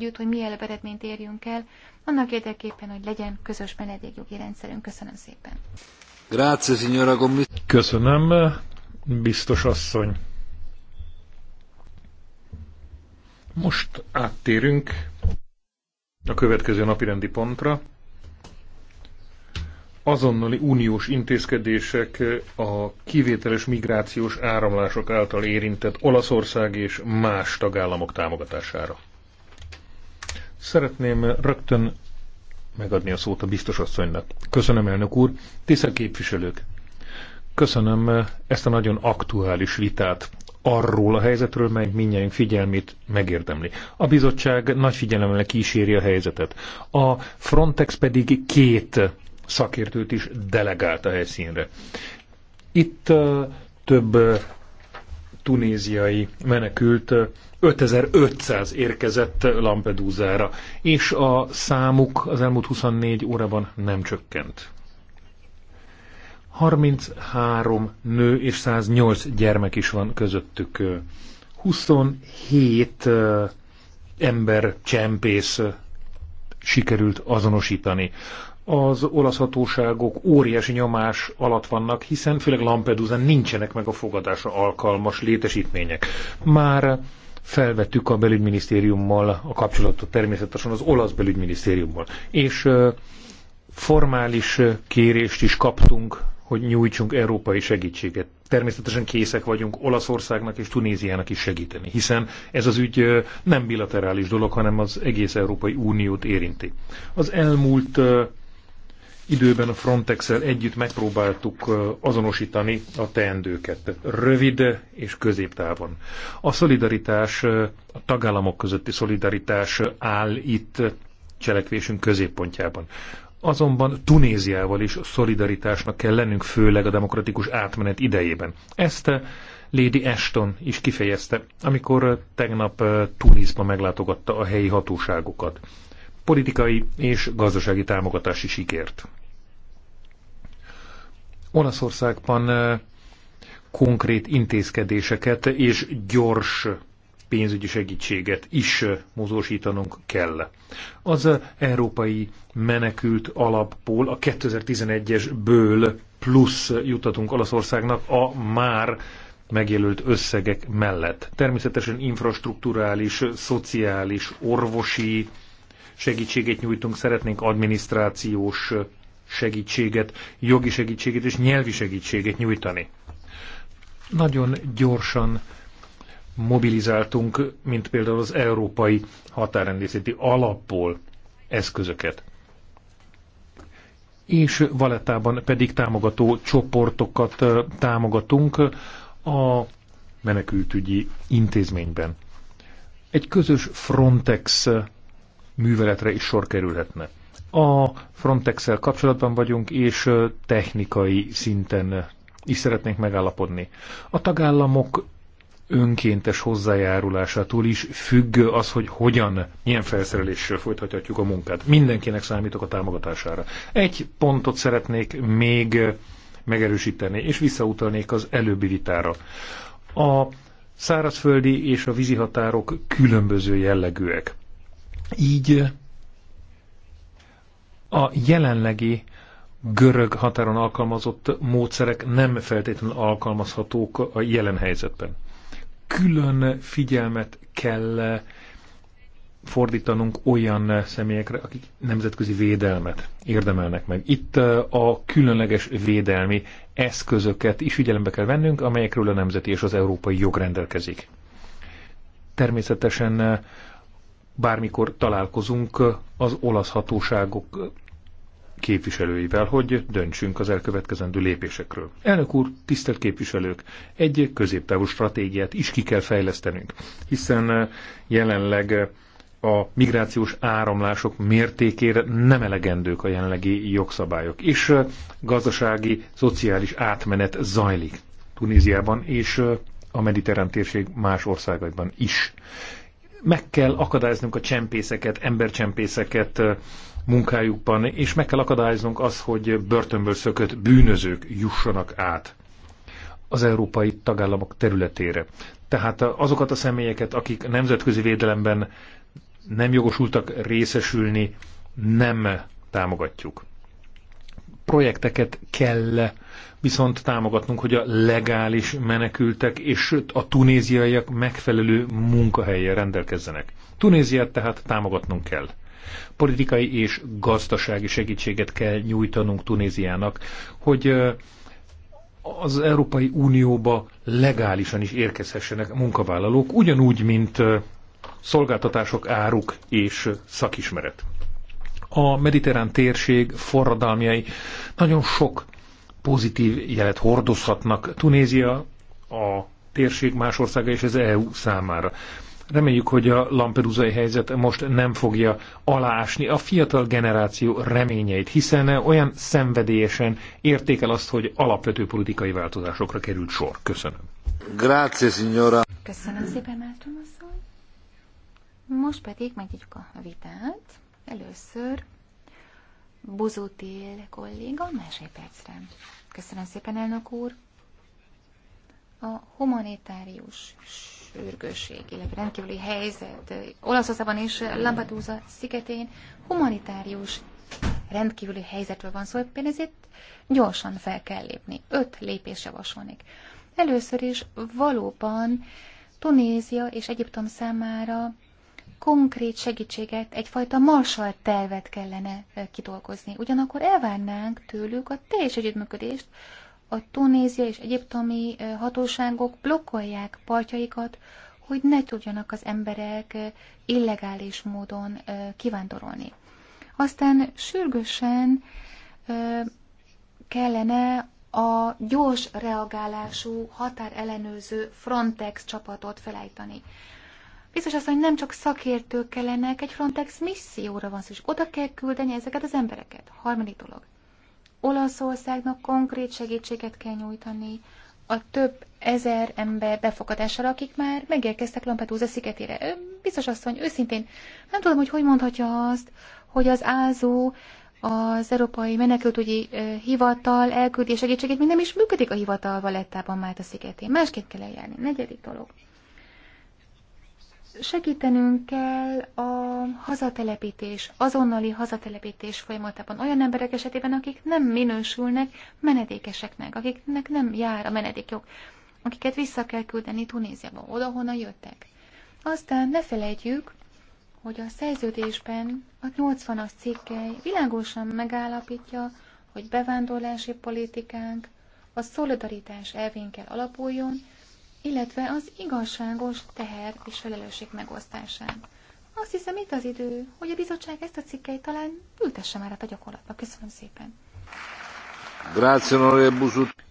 együtt, hogy milyen eredményt érjünk el, annak érdekében, hogy legyen közös menedékjogi rendszerünk. Köszönöm szépen. Grazie, signora Köszönöm, biztos asszony. Most áttérünk a következő napirendi pontra. Azonnali uniós intézkedések a kivételes migrációs áramlások által érintett Olaszország és más tagállamok támogatására. Szeretném rögtön megadni a szót a biztos asszonynak. Köszönöm, elnök úr. Tisztelt képviselők! Köszönöm ezt a nagyon aktuális vitát arról a helyzetről, mely mindjárt figyelmét megérdemli. A bizottság nagy figyelemmel kíséri a helyzetet. A Frontex pedig két szakértőt is delegált a helyszínre. Itt uh, több uh, tunéziai menekült uh, 5500 érkezett Lampedusa-ra, és a számuk az elmúlt 24 órában nem csökkent. 33 nő és 108 gyermek is van közöttük. 27 ember csempész sikerült azonosítani. Az olasz hatóságok óriási nyomás alatt vannak, hiszen főleg Lampedusa nincsenek meg a fogadásra alkalmas létesítmények. Már felvettük a belügyminisztériummal a kapcsolatot természetesen az olasz belügyminisztériummal. És formális kérést is kaptunk, hogy nyújtsunk európai segítséget. Természetesen készek vagyunk Olaszországnak és Tunéziának is segíteni, hiszen ez az ügy nem bilaterális dolog, hanem az egész Európai Uniót érinti. Az elmúlt időben a frontex együtt megpróbáltuk azonosítani a teendőket, rövid és középtávon. A szolidaritás, a tagállamok közötti szolidaritás áll itt cselekvésünk középpontjában. Azonban Tunéziával is szolidaritásnak kell lennünk, főleg a demokratikus átmenet idejében. Ezt Lady Ashton is kifejezte, amikor tegnap Tunisba meglátogatta a helyi hatóságokat. Politikai és gazdasági támogatási sikert. Olaszországban konkrét intézkedéseket és gyors pénzügyi segítséget is mozósítanunk kell. Az európai menekült alapból, a 2011 esből ből plusz jutatunk Olaszországnak a már megjelölt összegek mellett. Természetesen infrastruktúrális, szociális, orvosi segítséget nyújtunk, szeretnénk adminisztrációs segítséget, jogi segítséget és nyelvi segítséget nyújtani. Nagyon gyorsan mobilizáltunk, mint például az Európai Határrendészeti Alapból eszközöket. És Valettában pedig támogató csoportokat támogatunk a menekültügyi intézményben. Egy közös Frontex műveletre is sor kerülhetne. A frontex kapcsolatban vagyunk, és technikai szinten is szeretnénk megállapodni. A tagállamok önkéntes hozzájárulásától is függ az, hogy hogyan, milyen felszereléssel folytathatjuk a munkát. Mindenkinek számítok a támogatására. Egy pontot szeretnék még megerősíteni, és visszautalnék az előbbi vitára. A szárazföldi és a vízi határok különböző jellegűek. Így a jelenlegi görög határon alkalmazott módszerek nem feltétlenül alkalmazhatók a jelen helyzetben. Külön figyelmet kell fordítanunk olyan személyekre, akik nemzetközi védelmet érdemelnek meg. Itt a különleges védelmi eszközöket is figyelembe kell vennünk, amelyekről a nemzeti és az európai jog rendelkezik. Természetesen bármikor találkozunk az olasz hatóságok képviselőivel, hogy döntsünk az elkövetkezendő lépésekről. Elnök úr, tisztelt képviselők, egy középtávú stratégiát is ki kell fejlesztenünk, hiszen jelenleg a migrációs áramlások mértékére nem elegendők a jelenlegi jogszabályok, és gazdasági, szociális átmenet zajlik Tunéziában és a mediterrán térség más országaiban is meg kell akadályoznunk a csempészeket, embercsempészeket munkájukban, és meg kell akadályoznunk az, hogy börtönből szökött bűnözők jussanak át az európai tagállamok területére. Tehát azokat a személyeket, akik nemzetközi védelemben nem jogosultak részesülni, nem támogatjuk. Projekteket kell viszont támogatnunk, hogy a legális menekültek és a tunéziaiak megfelelő munkahelyen rendelkezzenek. Tunéziát tehát támogatnunk kell. Politikai és gazdasági segítséget kell nyújtanunk Tunéziának, hogy az Európai Unióba legálisan is érkezhessenek munkavállalók, ugyanúgy, mint szolgáltatások, áruk és szakismeret. A mediterrán térség forradalmiai. nagyon sok pozitív jelet hordozhatnak Tunézia, a térség más országa és az EU számára. Reméljük, hogy a lampedusai helyzet most nem fogja aláásni a fiatal generáció reményeit, hiszen olyan szenvedélyesen értékel azt, hogy alapvető politikai változásokra került sor. Köszönöm. Grazie, signora. Köszönöm szépen, Márton Most pedig megnyitjuk a vitát. Először Buzutil kolléga, percre. Köszönöm szépen, elnök úr. A humanitárius sürgőség, illetve rendkívüli helyzet Olaszországban és Lampedusa szigetén humanitárius rendkívüli helyzetről van szó, éppen ezért gyorsan fel kell lépni. Öt lépés javasolnék. Először is valóban Tunézia és Egyiptom számára konkrét segítséget, egyfajta marsal tervet kellene kidolgozni. Ugyanakkor elvárnánk tőlük a teljes együttműködést, a Tunézia és egyiptomi hatóságok blokkolják partjaikat, hogy ne tudjanak az emberek illegális módon kivándorolni. Aztán sürgősen kellene a gyors reagálású határellenőrző Frontex csapatot felállítani. Biztos az, hogy nem csak szakértők kellenek, egy Frontex misszióra van szükség. Oda kell küldeni ezeket az embereket. Harmadik dolog. Olaszországnak konkrét segítséget kell nyújtani a több ezer ember befogadására, akik már megérkeztek Lampedusa szigetére. Biztos asszony, őszintén nem tudom, hogy hogy mondhatja azt, hogy az ázó az Európai Menekültügyi Hivatal elküldi segítségét, még nem is működik a hivatal Valettában már a szigetén. Másképp kell eljárni. Negyedik dolog. Segítenünk kell a hazatelepítés, azonnali hazatelepítés folyamatában olyan emberek esetében, akik nem minősülnek menedékeseknek, akiknek nem jár a menedékjog, akiket vissza kell küldeni Tunéziába, oda, honnan jöttek. Aztán ne felejtjük, hogy a szerződésben a 80-as cikkely világosan megállapítja, hogy bevándorlási politikánk a szolidaritás elvén kell alapuljon, illetve az igazságos teher és felelősség megosztásán. Azt hiszem itt az idő, hogy a bizottság ezt a cikkeit talán ültesse már át a gyakorlatba. Köszönöm szépen. Grazie,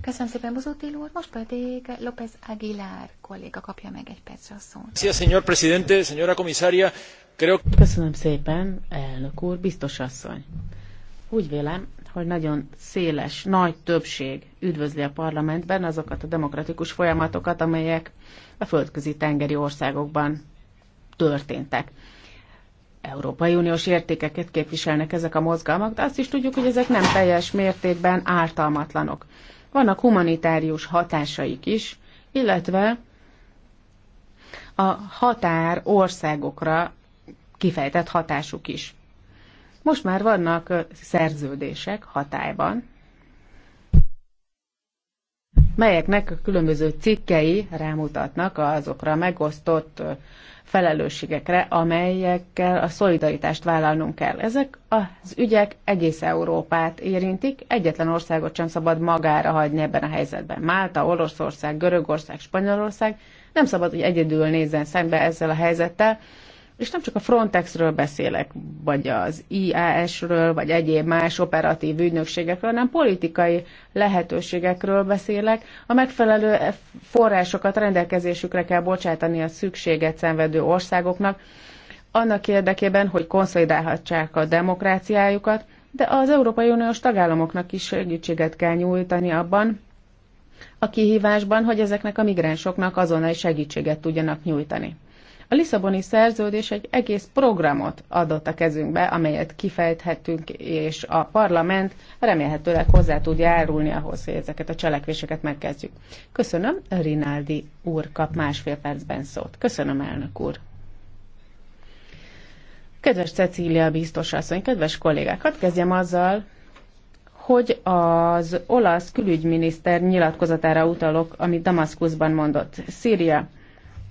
Köszönöm szépen, Buzuti úr. Most pedig López Aguilar kolléga kapja meg egy percre a szót. Szia, señor presidente, señora comisaria. Creo... Köszönöm szépen, elnök úr, biztos asszony. Úgy vélem, hogy nagyon széles, nagy többség üdvözli a parlamentben azokat a demokratikus folyamatokat, amelyek a földközi tengeri országokban történtek. Európai Uniós értékeket képviselnek ezek a mozgalmak, de azt is tudjuk, hogy ezek nem teljes mértékben ártalmatlanok. Vannak humanitárius hatásaik is, illetve a határ országokra kifejtett hatásuk is. Most már vannak szerződések hatályban, melyeknek a különböző cikkei rámutatnak azokra megosztott felelősségekre, amelyekkel a szolidaritást vállalnunk kell. Ezek az ügyek egész Európát érintik, egyetlen országot sem szabad magára hagyni ebben a helyzetben. Málta, Oroszország, Görögország, Spanyolország nem szabad, hogy egyedül nézzen szembe ezzel a helyzettel, és nem csak a Frontexről beszélek, vagy az IAS-ről, vagy egyéb más operatív ügynökségekről, hanem politikai lehetőségekről beszélek. A megfelelő forrásokat rendelkezésükre kell bocsátani a szükséget szenvedő országoknak, annak érdekében, hogy konszolidálhatsák a demokráciájukat, de az Európai Uniós tagállamoknak is segítséget kell nyújtani abban, a kihívásban, hogy ezeknek a migránsoknak azonnal segítséget tudjanak nyújtani. A Lisszaboni szerződés egy egész programot adott a kezünkbe, amelyet kifejthettünk, és a parlament remélhetőleg hozzá tud járulni ahhoz, hogy ezeket a cselekvéseket megkezdjük. Köszönöm, Rinaldi úr kap másfél percben szót. Köszönöm, elnök úr. Kedves Cecília biztos asszony, kedves kollégákat, kezdjem azzal, hogy az olasz külügyminiszter nyilatkozatára utalok, amit Damaszkuszban mondott. Szíria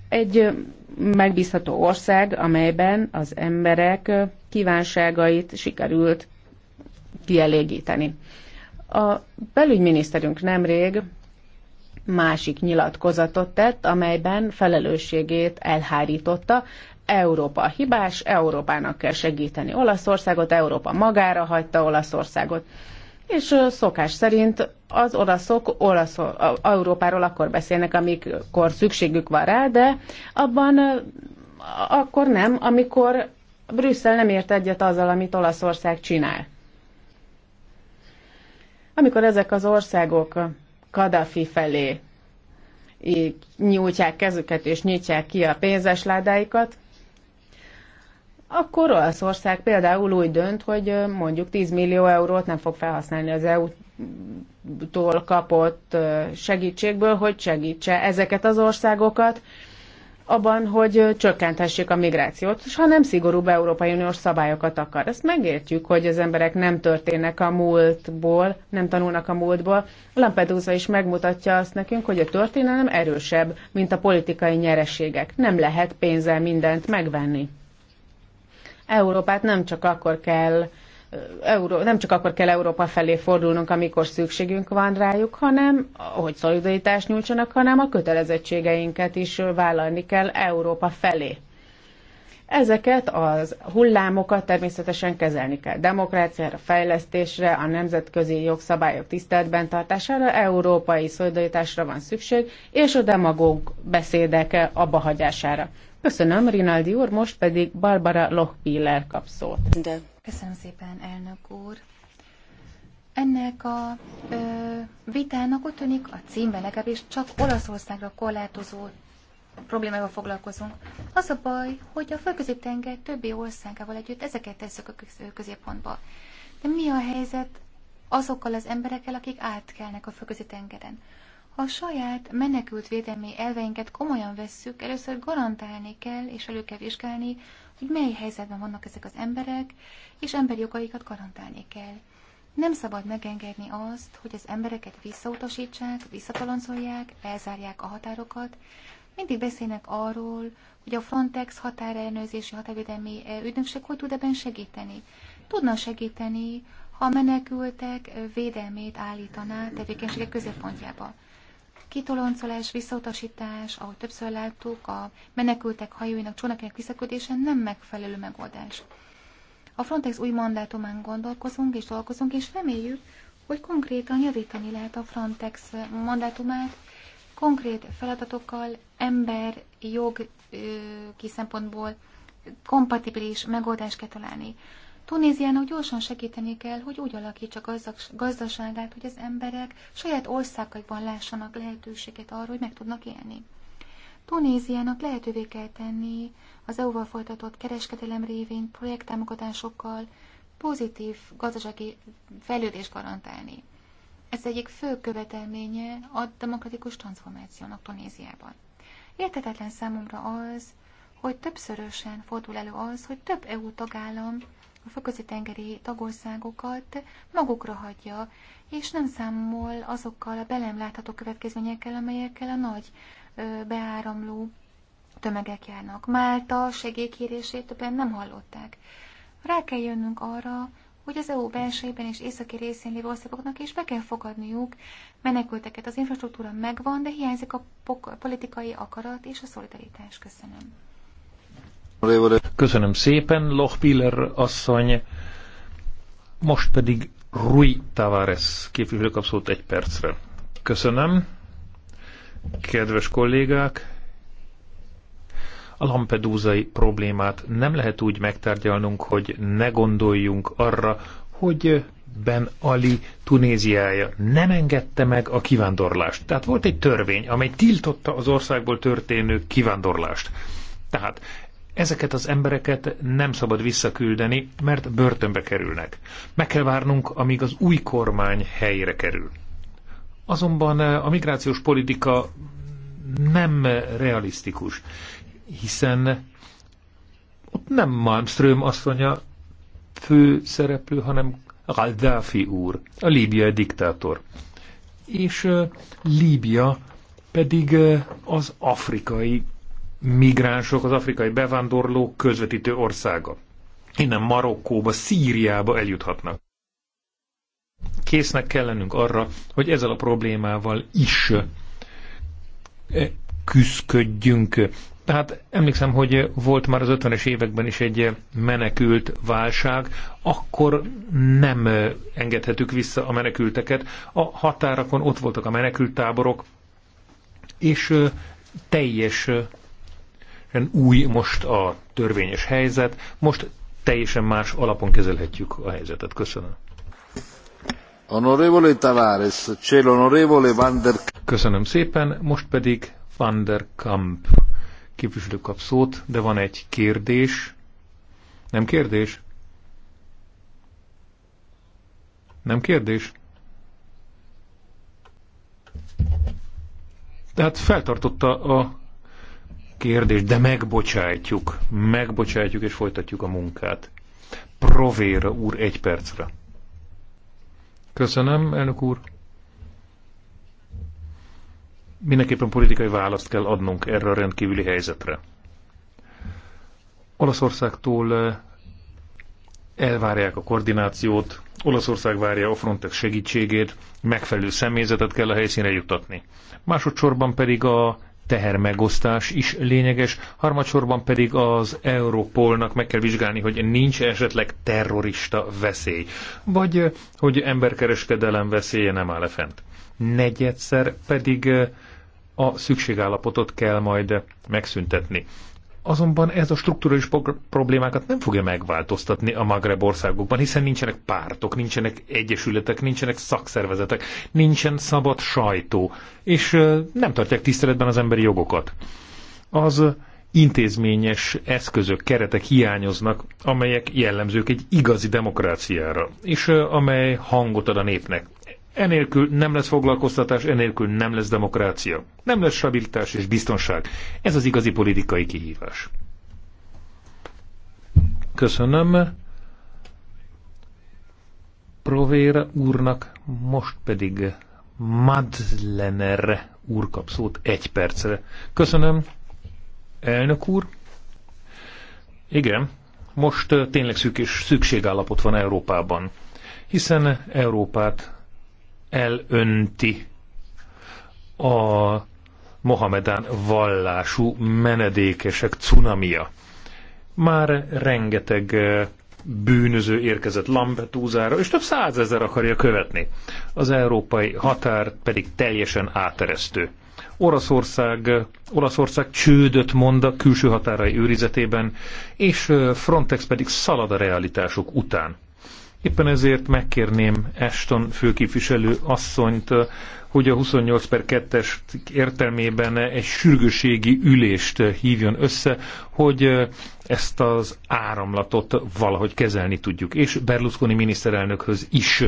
egy megbízható ország, amelyben az emberek kívánságait sikerült kielégíteni. A belügyminiszterünk nemrég másik nyilatkozatot tett, amelyben felelősségét elhárította. Európa hibás, Európának kell segíteni Olaszországot, Európa magára hagyta Olaszországot és szokás szerint az olaszok olasz, Európáról akkor beszélnek, amikor szükségük van rá, de abban akkor nem, amikor Brüsszel nem ért egyet azzal, amit Olaszország csinál. Amikor ezek az országok Kadafi felé nyújtják kezüket és nyitják ki a pénzes ládáikat, akkor Olaszország például úgy dönt, hogy mondjuk 10 millió eurót nem fog felhasználni az EU-tól kapott segítségből, hogy segítse ezeket az országokat abban, hogy csökkenthessék a migrációt, és ha nem szigorúbb Európai Uniós szabályokat akar. Ezt megértjük, hogy az emberek nem történnek a múltból, nem tanulnak a múltból. Lampedusa is megmutatja azt nekünk, hogy a történelem erősebb, mint a politikai nyereségek. Nem lehet pénzzel mindent megvenni. Európát nem csak akkor kell Euró, nem csak akkor kell Európa felé fordulnunk, amikor szükségünk van rájuk, hanem hogy szolidaritást nyújtsanak, hanem a kötelezettségeinket is vállalni kell Európa felé. Ezeket az hullámokat természetesen kezelni kell. Demokráciára, fejlesztésre, a nemzetközi jogszabályok tiszteletben tartására, európai szolidaritásra van szükség, és a demagóg beszédek abbahagyására. Köszönöm, Rinaldi úr, most pedig Barbara Lochbiller kap szót. De. Köszönöm szépen, elnök úr. Ennek a ö, vitának úgy tűnik a címben legalábbis csak Olaszországra korlátozó problémával foglalkozunk. Az a baj, hogy a földközi tenger többi országával együtt ezeket tesszük a középpontba. De mi a helyzet azokkal az emberekkel, akik átkelnek a földközi tengeren? a saját menekült védelmi elveinket komolyan vesszük, először garantálni kell és elő kell vizsgálni, hogy mely helyzetben vannak ezek az emberek, és emberi jogaikat garantálni kell. Nem szabad megengedni azt, hogy az embereket visszautasítsák, visszatalancolják, elzárják a határokat. Mindig beszélnek arról, hogy a Frontex határellenőrzési határvédelmi eh, ügynökség hogy tud ebben segíteni. Tudna segíteni, ha a menekültek eh, védelmét állítaná tevékenységek középpontjába kitoloncolás, visszautasítás, ahogy többször láttuk, a menekültek hajóinak, csónakének visszaküldése nem megfelelő megoldás. A Frontex új mandátumán gondolkozunk és dolgozunk, és reméljük, hogy konkrétan javítani lehet a Frontex mandátumát, konkrét feladatokkal, ember, jog ki szempontból kompatibilis megoldást kell találni. Tunéziának gyorsan segíteni kell, hogy úgy alakítsa gazdaságát, hogy az emberek saját országaikban lássanak lehetőséget arra, hogy meg tudnak élni. Tunéziának lehetővé kell tenni az EU-val folytatott kereskedelem révén projekttámogatásokkal pozitív gazdasági fejlődést garantálni. Ez egyik fő követelménye a demokratikus transformációnak Tunéziában. Értetetlen számomra az, hogy többszörösen fordul elő az, hogy több EU tagállam a földközi-tengeri tagországokat magukra hagyja, és nem számol azokkal a belem látható következményekkel, amelyekkel a nagy beáramló tömegek járnak. Málta segélykérését többen nem hallották. Rá kell jönnünk arra, hogy az EU belsejében és északi részén lévő országoknak is be kell fogadniuk menekülteket. Az infrastruktúra megvan, de hiányzik a politikai akarat és a szolidaritás. Köszönöm. Köszönöm szépen, Lochpiller asszony. Most pedig Rui Tavares képviselő kap egy percre. Köszönöm. Kedves kollégák, a lampedúzai problémát nem lehet úgy megtárgyalnunk, hogy ne gondoljunk arra, hogy Ben Ali Tunéziája nem engedte meg a kivándorlást. Tehát volt egy törvény, amely tiltotta az országból történő kivándorlást. Tehát Ezeket az embereket nem szabad visszaküldeni, mert börtönbe kerülnek. Meg kell várnunk, amíg az új kormány helyre kerül. Azonban eh, a migrációs politika nem realisztikus, hiszen ott nem Malmström asszonya fő szereplő, hanem Gaddafi úr, a líbiai diktátor. És eh, Líbia pedig eh, az afrikai migránsok, az afrikai bevándorlók közvetítő országa. Innen Marokkóba, Szíriába eljuthatnak. Késznek kell lennünk arra, hogy ezzel a problémával is eh, küzdködjünk. Tehát emlékszem, hogy volt már az 50-es években is egy menekült válság, akkor nem eh, engedhetük vissza a menekülteket. A határakon ott voltak a menekült táborok, és eh, teljes új most a törvényes helyzet, most teljesen más alapon kezelhetjük a helyzetet. Köszönöm. Honorevole Tavares, cél honorevole Van der... Köszönöm szépen, most pedig Van der Kamp képviselő kap szót, de van egy kérdés. Nem kérdés? Nem kérdés? Tehát feltartotta a kérdés, de megbocsájtjuk, megbocsájtjuk és folytatjuk a munkát. Provéra úr egy percre. Köszönöm, elnök úr. Mindenképpen politikai választ kell adnunk erre a rendkívüli helyzetre. Olaszországtól eh, elvárják a koordinációt, Olaszország várja a Frontex segítségét, megfelelő személyzetet kell a helyszínre juttatni. Másodszorban pedig a tehermegosztás is lényeges, harmadsorban pedig az Europolnak meg kell vizsgálni, hogy nincs -e esetleg terrorista veszély, vagy eh, hogy emberkereskedelem veszélye nem áll -e fent. Negyedszer pedig eh, a szükségállapotot kell majd megszüntetni. Azonban ez a strukturális problémákat nem fogja megváltoztatni a Magreb országokban, hiszen nincsenek pártok, nincsenek egyesületek, nincsenek szakszervezetek, nincsen szabad sajtó, és nem tartják tiszteletben az emberi jogokat. Az intézményes eszközök, keretek hiányoznak, amelyek jellemzők egy igazi demokráciára, és amely hangot ad a népnek. Enélkül nem lesz foglalkoztatás, enélkül nem lesz demokrácia. Nem lesz stabilitás és biztonság. Ez az igazi politikai kihívás. Köszönöm. Provéra úrnak, most pedig Madlener úr kap szót egy percre. Köszönöm, elnök úr. Igen, most tényleg szükség szükségállapot van Európában, hiszen Európát elönti a Mohamedán vallású menedékesek cunamia. Már rengeteg eh, bűnöző érkezett Lampetúzára, és több százezer akarja követni. Az európai határ pedig teljesen áteresztő. Olaszország, Olaszország csődöt mond a külső határai őrizetében, és eh, Frontex pedig szalad a realitások után. Éppen ezért megkérném Eston főképviselő asszonyt, eh, hogy a 28 per 2-es értelmében egy sürgőségi ülést eh, hívjon össze, hogy eh, ezt az áramlatot valahogy kezelni tudjuk. És Berlusconi miniszterelnökhöz is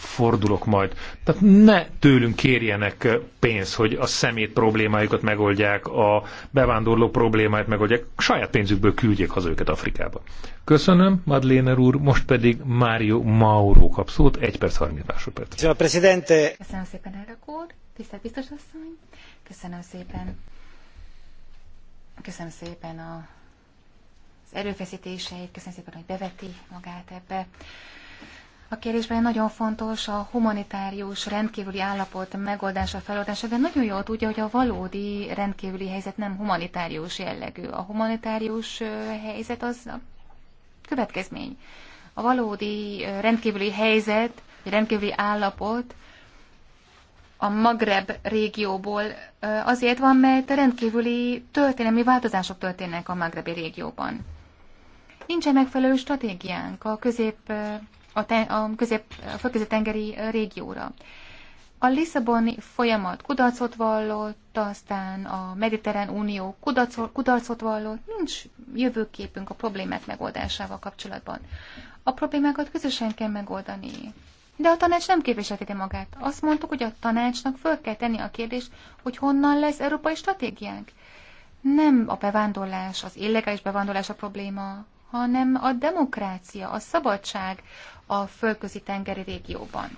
fordulok majd. Tehát ne tőlünk kérjenek pénzt, hogy a szemét problémájukat megoldják, a bevándorló problémáit megoldják, saját pénzükből küldjék haza őket Afrikába. Köszönöm, Madléner úr, most pedig Mário Mauro kap szót, 1 perc 30 másodperc. Szóval, köszönöm szépen, elnök úr, tisztelt biztos asszony, köszönöm szépen. Köszönöm szépen a, az erőfeszítéseit, köszönöm szépen, hogy beveti magát ebbe a kérdésben nagyon fontos a humanitárius rendkívüli állapot megoldása, feloldása, de nagyon jól tudja, hogy a valódi rendkívüli helyzet nem humanitárius jellegű. A humanitárius helyzet az a következmény. A valódi rendkívüli helyzet, vagy rendkívüli állapot a Magreb régióból azért van, mert rendkívüli történelmi változások történnek a Magrebi régióban. Nincsen megfelelő stratégiánk a közép a, te, a, közép, a földközi-tengeri régióra. A Lisszaboni folyamat kudarcot vallott, aztán a Mediterrán Unió kudarcot, kudarcot vallott, nincs jövőképünk a problémák megoldásával kapcsolatban. A problémákat közösen kell megoldani. De a tanács nem képviselteti magát. Azt mondtuk, hogy a tanácsnak föl kell tenni a kérdést, hogy honnan lesz európai stratégiánk. Nem a bevándorlás, az illegális bevándorlás a probléma, hanem a demokrácia, a szabadság, a földközi tengeri régióban.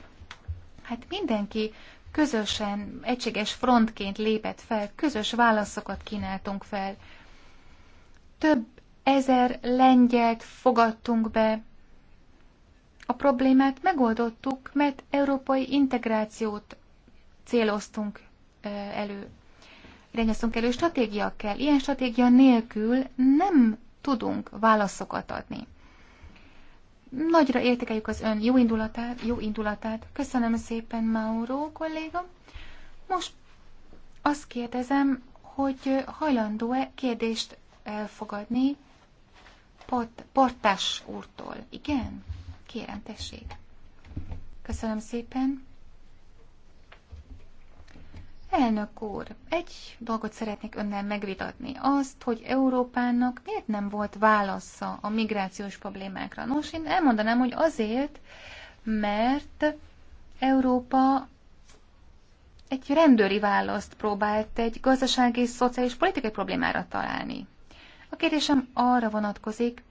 Hát mindenki közösen, egységes frontként lépett fel, közös válaszokat kínáltunk fel. Több ezer lengyelt fogadtunk be. A problémát megoldottuk, mert európai integrációt céloztunk elő. Irányoztunk elő stratégiakkel. Ilyen stratégia nélkül nem tudunk válaszokat adni. Nagyra értékeljük az ön jó indulatát, jó indulatát. Köszönöm szépen, Mauro kolléga. Most azt kérdezem, hogy hajlandó-e kérdést elfogadni Port, Portás úrtól? Igen? Kérem, tessék. Köszönöm szépen. Elnök úr, egy dolgot szeretnék önnel megvitatni, azt, hogy Európának miért nem volt válasza a migrációs problémákra. Nos, én elmondanám, hogy azért, mert Európa egy rendőri választ próbált egy gazdasági és szociális politikai problémára találni. A kérdésem arra vonatkozik,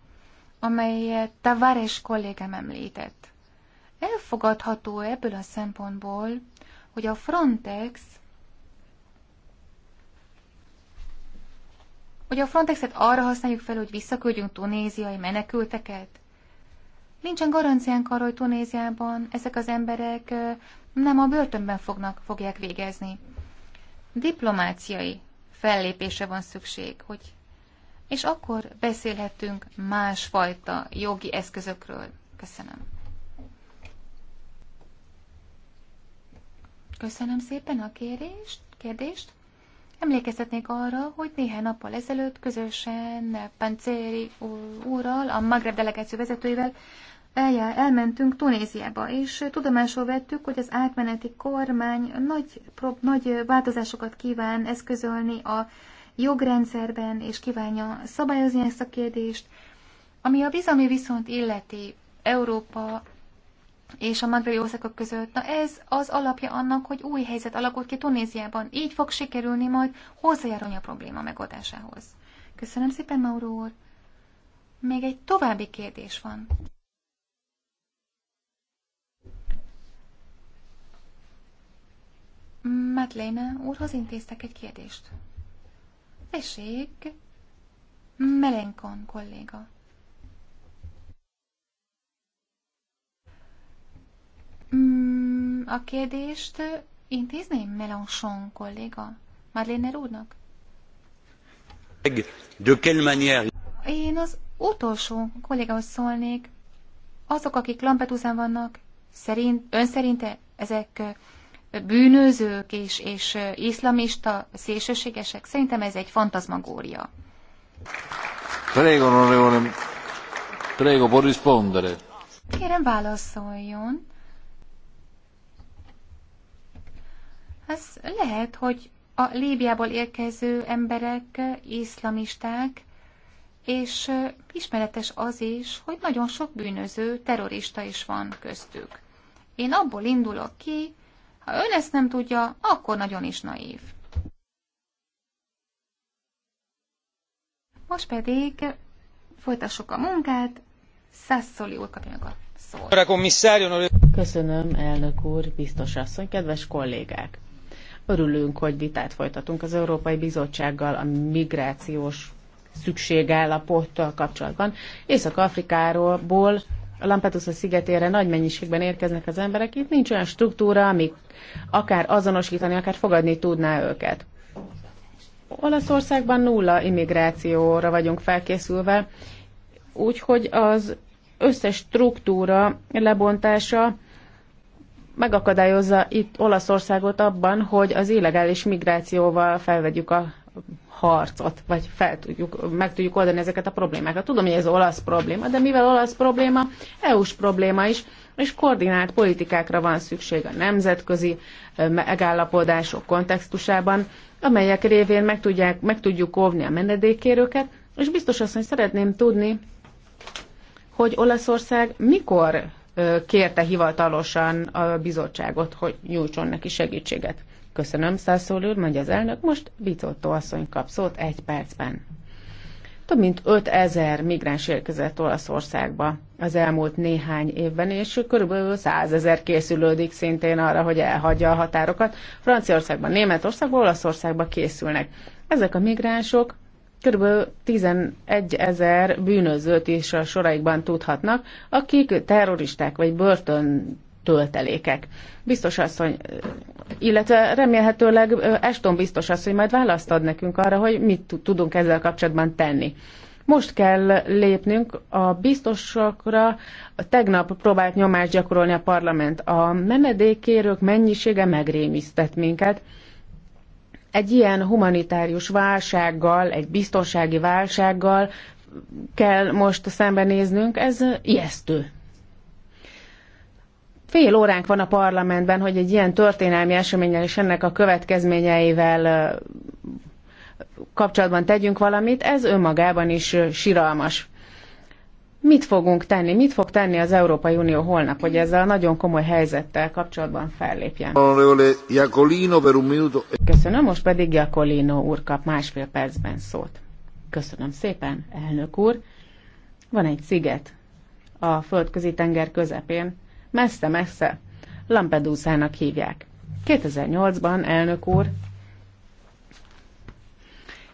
amelyet Tavares kollégám említett. Elfogadható ebből a szempontból, hogy a Frontex hogy a Frontexet arra használjuk fel, hogy visszaküldjünk tunéziai menekülteket? Nincsen garanciánk arra, hogy Tunéziában ezek az emberek nem a börtönben fognak, fogják végezni. Diplomáciai fellépése van szükség, hogy és akkor beszélhetünk másfajta jogi eszközökről. Köszönöm. Köszönöm szépen a kérést, kérdést. Emlékeztetnék arra, hogy néhány nappal ezelőtt közösen Pancéri úrral, a Magreb delegáció vezetőivel elmentünk Tunéziába, és tudomásul vettük, hogy az átmeneti kormány nagy, prób- nagy változásokat kíván eszközölni a jogrendszerben, és kívánja szabályozni ezt a kérdést. Ami a bizalmi viszont illeti Európa és a magrai országok között. Na ez az alapja annak, hogy új helyzet alakult ki Tunéziában. Így fog sikerülni majd hozzájárulni a probléma megoldásához. Köszönöm szépen, Mauro úr. Még egy további kérdés van. Madeleine úrhoz intéztek egy kérdést. Tessék, Melenkon kolléga. a kérdést intézném Melanchon kolléga, Madlener úrnak? De quelle manière... Én az utolsó kollégához szólnék. Azok, akik Lampedusán vannak, szerint, ön szerinte ezek bűnözők és, és iszlamista szélsőségesek? Szerintem ez egy fantazmagória. Prego, onorevole. Prego, può rispondere. Kérem válaszoljon. az lehet, hogy a Líbiából érkező emberek iszlamisták, és ismeretes az is, hogy nagyon sok bűnöző terrorista is van köztük. Én abból indulok ki, ha ön ezt nem tudja, akkor nagyon is naív. Most pedig folytassuk a munkát, Szászoli úr kapja meg a szót. Köszönöm, elnök úr, biztos asszony, kedves kollégák! Örülünk, hogy vitát folytatunk az Európai Bizottsággal a migrációs szükségállapottal kapcsolatban. Észak-Afrikáról, a Lampedusa szigetére nagy mennyiségben érkeznek az emberek, itt nincs olyan struktúra, ami akár azonosítani, akár fogadni tudná őket. Olaszországban nulla immigrációra vagyunk felkészülve, úgyhogy az összes struktúra lebontása megakadályozza itt Olaszországot abban, hogy az illegális migrációval felvegyük a harcot, vagy fel tudjuk, meg tudjuk oldani ezeket a problémákat. Tudom, hogy ez olasz probléma, de mivel olasz probléma, EU-s probléma is, és koordinált politikákra van szükség a nemzetközi megállapodások kontextusában, amelyek révén meg, tudják, meg tudjuk óvni a menedékkérőket, és biztos azt, hogy szeretném tudni, hogy Olaszország mikor kérte hivatalosan a bizottságot, hogy nyújtson neki segítséget. Köszönöm, Szászól úr, mondja az elnök, most Bicotto asszony kap szót egy percben. Több mint 5000 migráns érkezett Olaszországba az elmúlt néhány évben, és körülbelül 100 ezer készülődik szintén arra, hogy elhagyja a határokat. Franciaországban, Németországban, Olaszországban készülnek. Ezek a migránsok Körülbelül 11 ezer bűnözőt is a soraikban tudhatnak, akik terroristák vagy börtön töltelékek. Biztos asszony, illetve remélhetőleg Eston biztos asszony majd választ ad nekünk arra, hogy mit tudunk ezzel kapcsolatban tenni. Most kell lépnünk a biztosokra. Tegnap próbált nyomást gyakorolni a parlament. A menedékkérők mennyisége megrémisztett minket egy ilyen humanitárius válsággal, egy biztonsági válsággal kell most szembenéznünk, ez ijesztő. Fél óránk van a parlamentben, hogy egy ilyen történelmi eseményel és ennek a következményeivel kapcsolatban tegyünk valamit, ez önmagában is siralmas mit fogunk tenni, mit fog tenni az Európai Unió holnap, hogy ezzel a nagyon komoly helyzettel kapcsolatban fellépjen. Köszönöm, most pedig Jakolino úr kap másfél percben szót. Köszönöm szépen, elnök úr. Van egy sziget a földközi tenger közepén, messze-messze, lampedusa hívják. 2008-ban, elnök úr,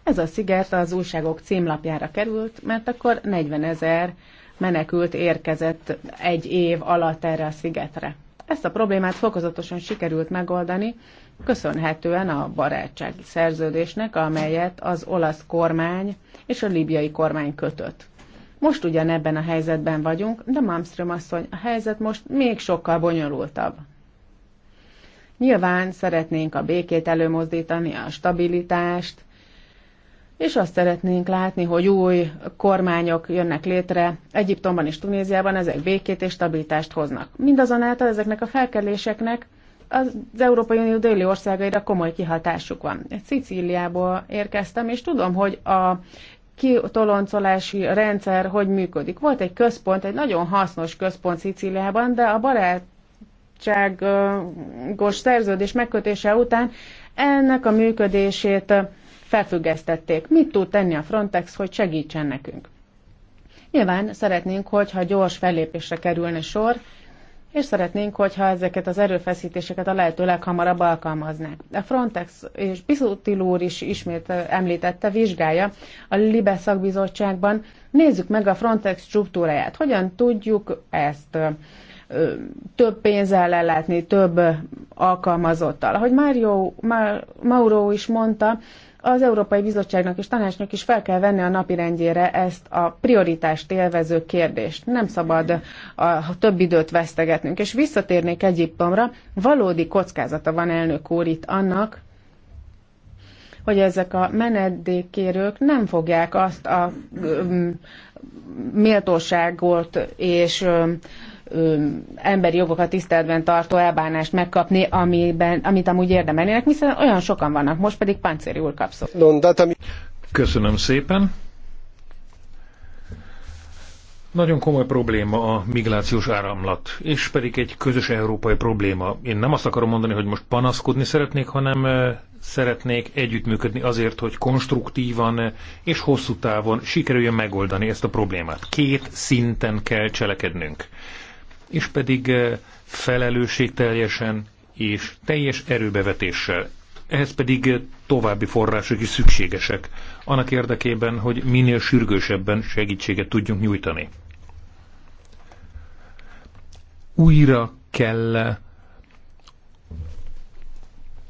ez a sziget az újságok címlapjára került, mert akkor 40 ezer menekült érkezett egy év alatt erre a szigetre. Ezt a problémát fokozatosan sikerült megoldani, köszönhetően a barátsági szerződésnek, amelyet az olasz kormány és a libiai kormány kötött. Most ugyan ebben a helyzetben vagyunk, de Malmström asszony, a helyzet most még sokkal bonyolultabb. Nyilván szeretnénk a békét előmozdítani, a stabilitást, és azt szeretnénk látni, hogy új kormányok jönnek létre Egyiptomban és Tunéziában, ezek békét és stabilitást hoznak. Mindazonáltal ezeknek a felkeléseknek az Európai Unió déli országaira komoly kihatásuk van. Szicíliából érkeztem, és tudom, hogy a kitoloncolási rendszer hogy működik. Volt egy központ, egy nagyon hasznos központ Szicíliában, de a barátságos szerződés megkötése után ennek a működését felfüggesztették. Mit tud tenni a Frontex, hogy segítsen nekünk? Nyilván szeretnénk, hogyha gyors fellépésre kerülne sor, és szeretnénk, hogyha ezeket az erőfeszítéseket a lehető leghamarabb alkalmaznák. A Frontex és Biszutil úr is ismét említette, vizsgálja a Libe szakbizottságban. Nézzük meg a Frontex struktúráját. Hogyan tudjuk ezt több pénzzel ellátni, több alkalmazottal. Ahogy Mário, Mauro is mondta, az Európai Bizottságnak és Tanácsnak is fel kell venni a napirendjére ezt a prioritást élvező kérdést. Nem szabad a több időt vesztegetnünk. És visszatérnék Egyiptomra, valódi kockázata van elnök úr itt annak, hogy ezek a menedékkérők nem fogják azt a méltóságot és emberi jogokat tiszteletben tartó elbánást megkapni, amiben, amit amúgy érdemelnének, hiszen olyan sokan vannak, most pedig Pancéri úr kapszó. Köszönöm szépen. Nagyon komoly probléma a migrációs áramlat, és pedig egy közös európai probléma. Én nem azt akarom mondani, hogy most panaszkodni szeretnék, hanem szeretnék együttműködni azért, hogy konstruktívan és hosszú távon sikerüljön megoldani ezt a problémát. Két szinten kell cselekednünk és pedig eh, felelősségteljesen és teljes erőbevetéssel. Ehhez pedig eh, további források is szükségesek, annak érdekében, hogy minél sürgősebben segítséget tudjunk nyújtani. Újra kell eh,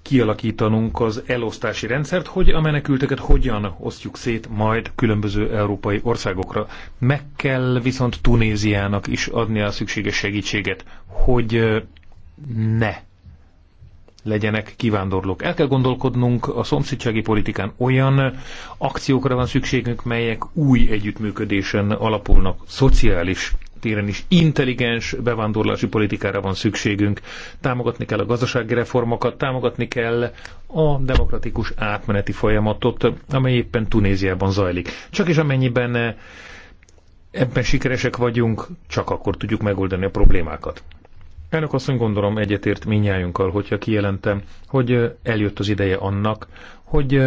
kialakítanunk az elosztási rendszert, hogy a menekülteket hogyan osztjuk szét majd különböző európai országokra. Meg kell viszont Tunéziának is adni a szükséges segítséget, hogy ne legyenek kivándorlók. El kell gondolkodnunk a szomszédsági politikán olyan akciókra van szükségünk, melyek új együttműködésen alapulnak, szociális téren is intelligens bevándorlási politikára van szükségünk. Támogatni kell a gazdasági reformokat, támogatni kell a demokratikus átmeneti folyamatot, amely éppen Tunéziában zajlik. Csak is amennyiben ebben sikeresek vagyunk, csak akkor tudjuk megoldani a problémákat. Elnök asszony gondolom egyetért minnyájunkkal, hogyha kijelentem, hogy eljött az ideje annak, hogy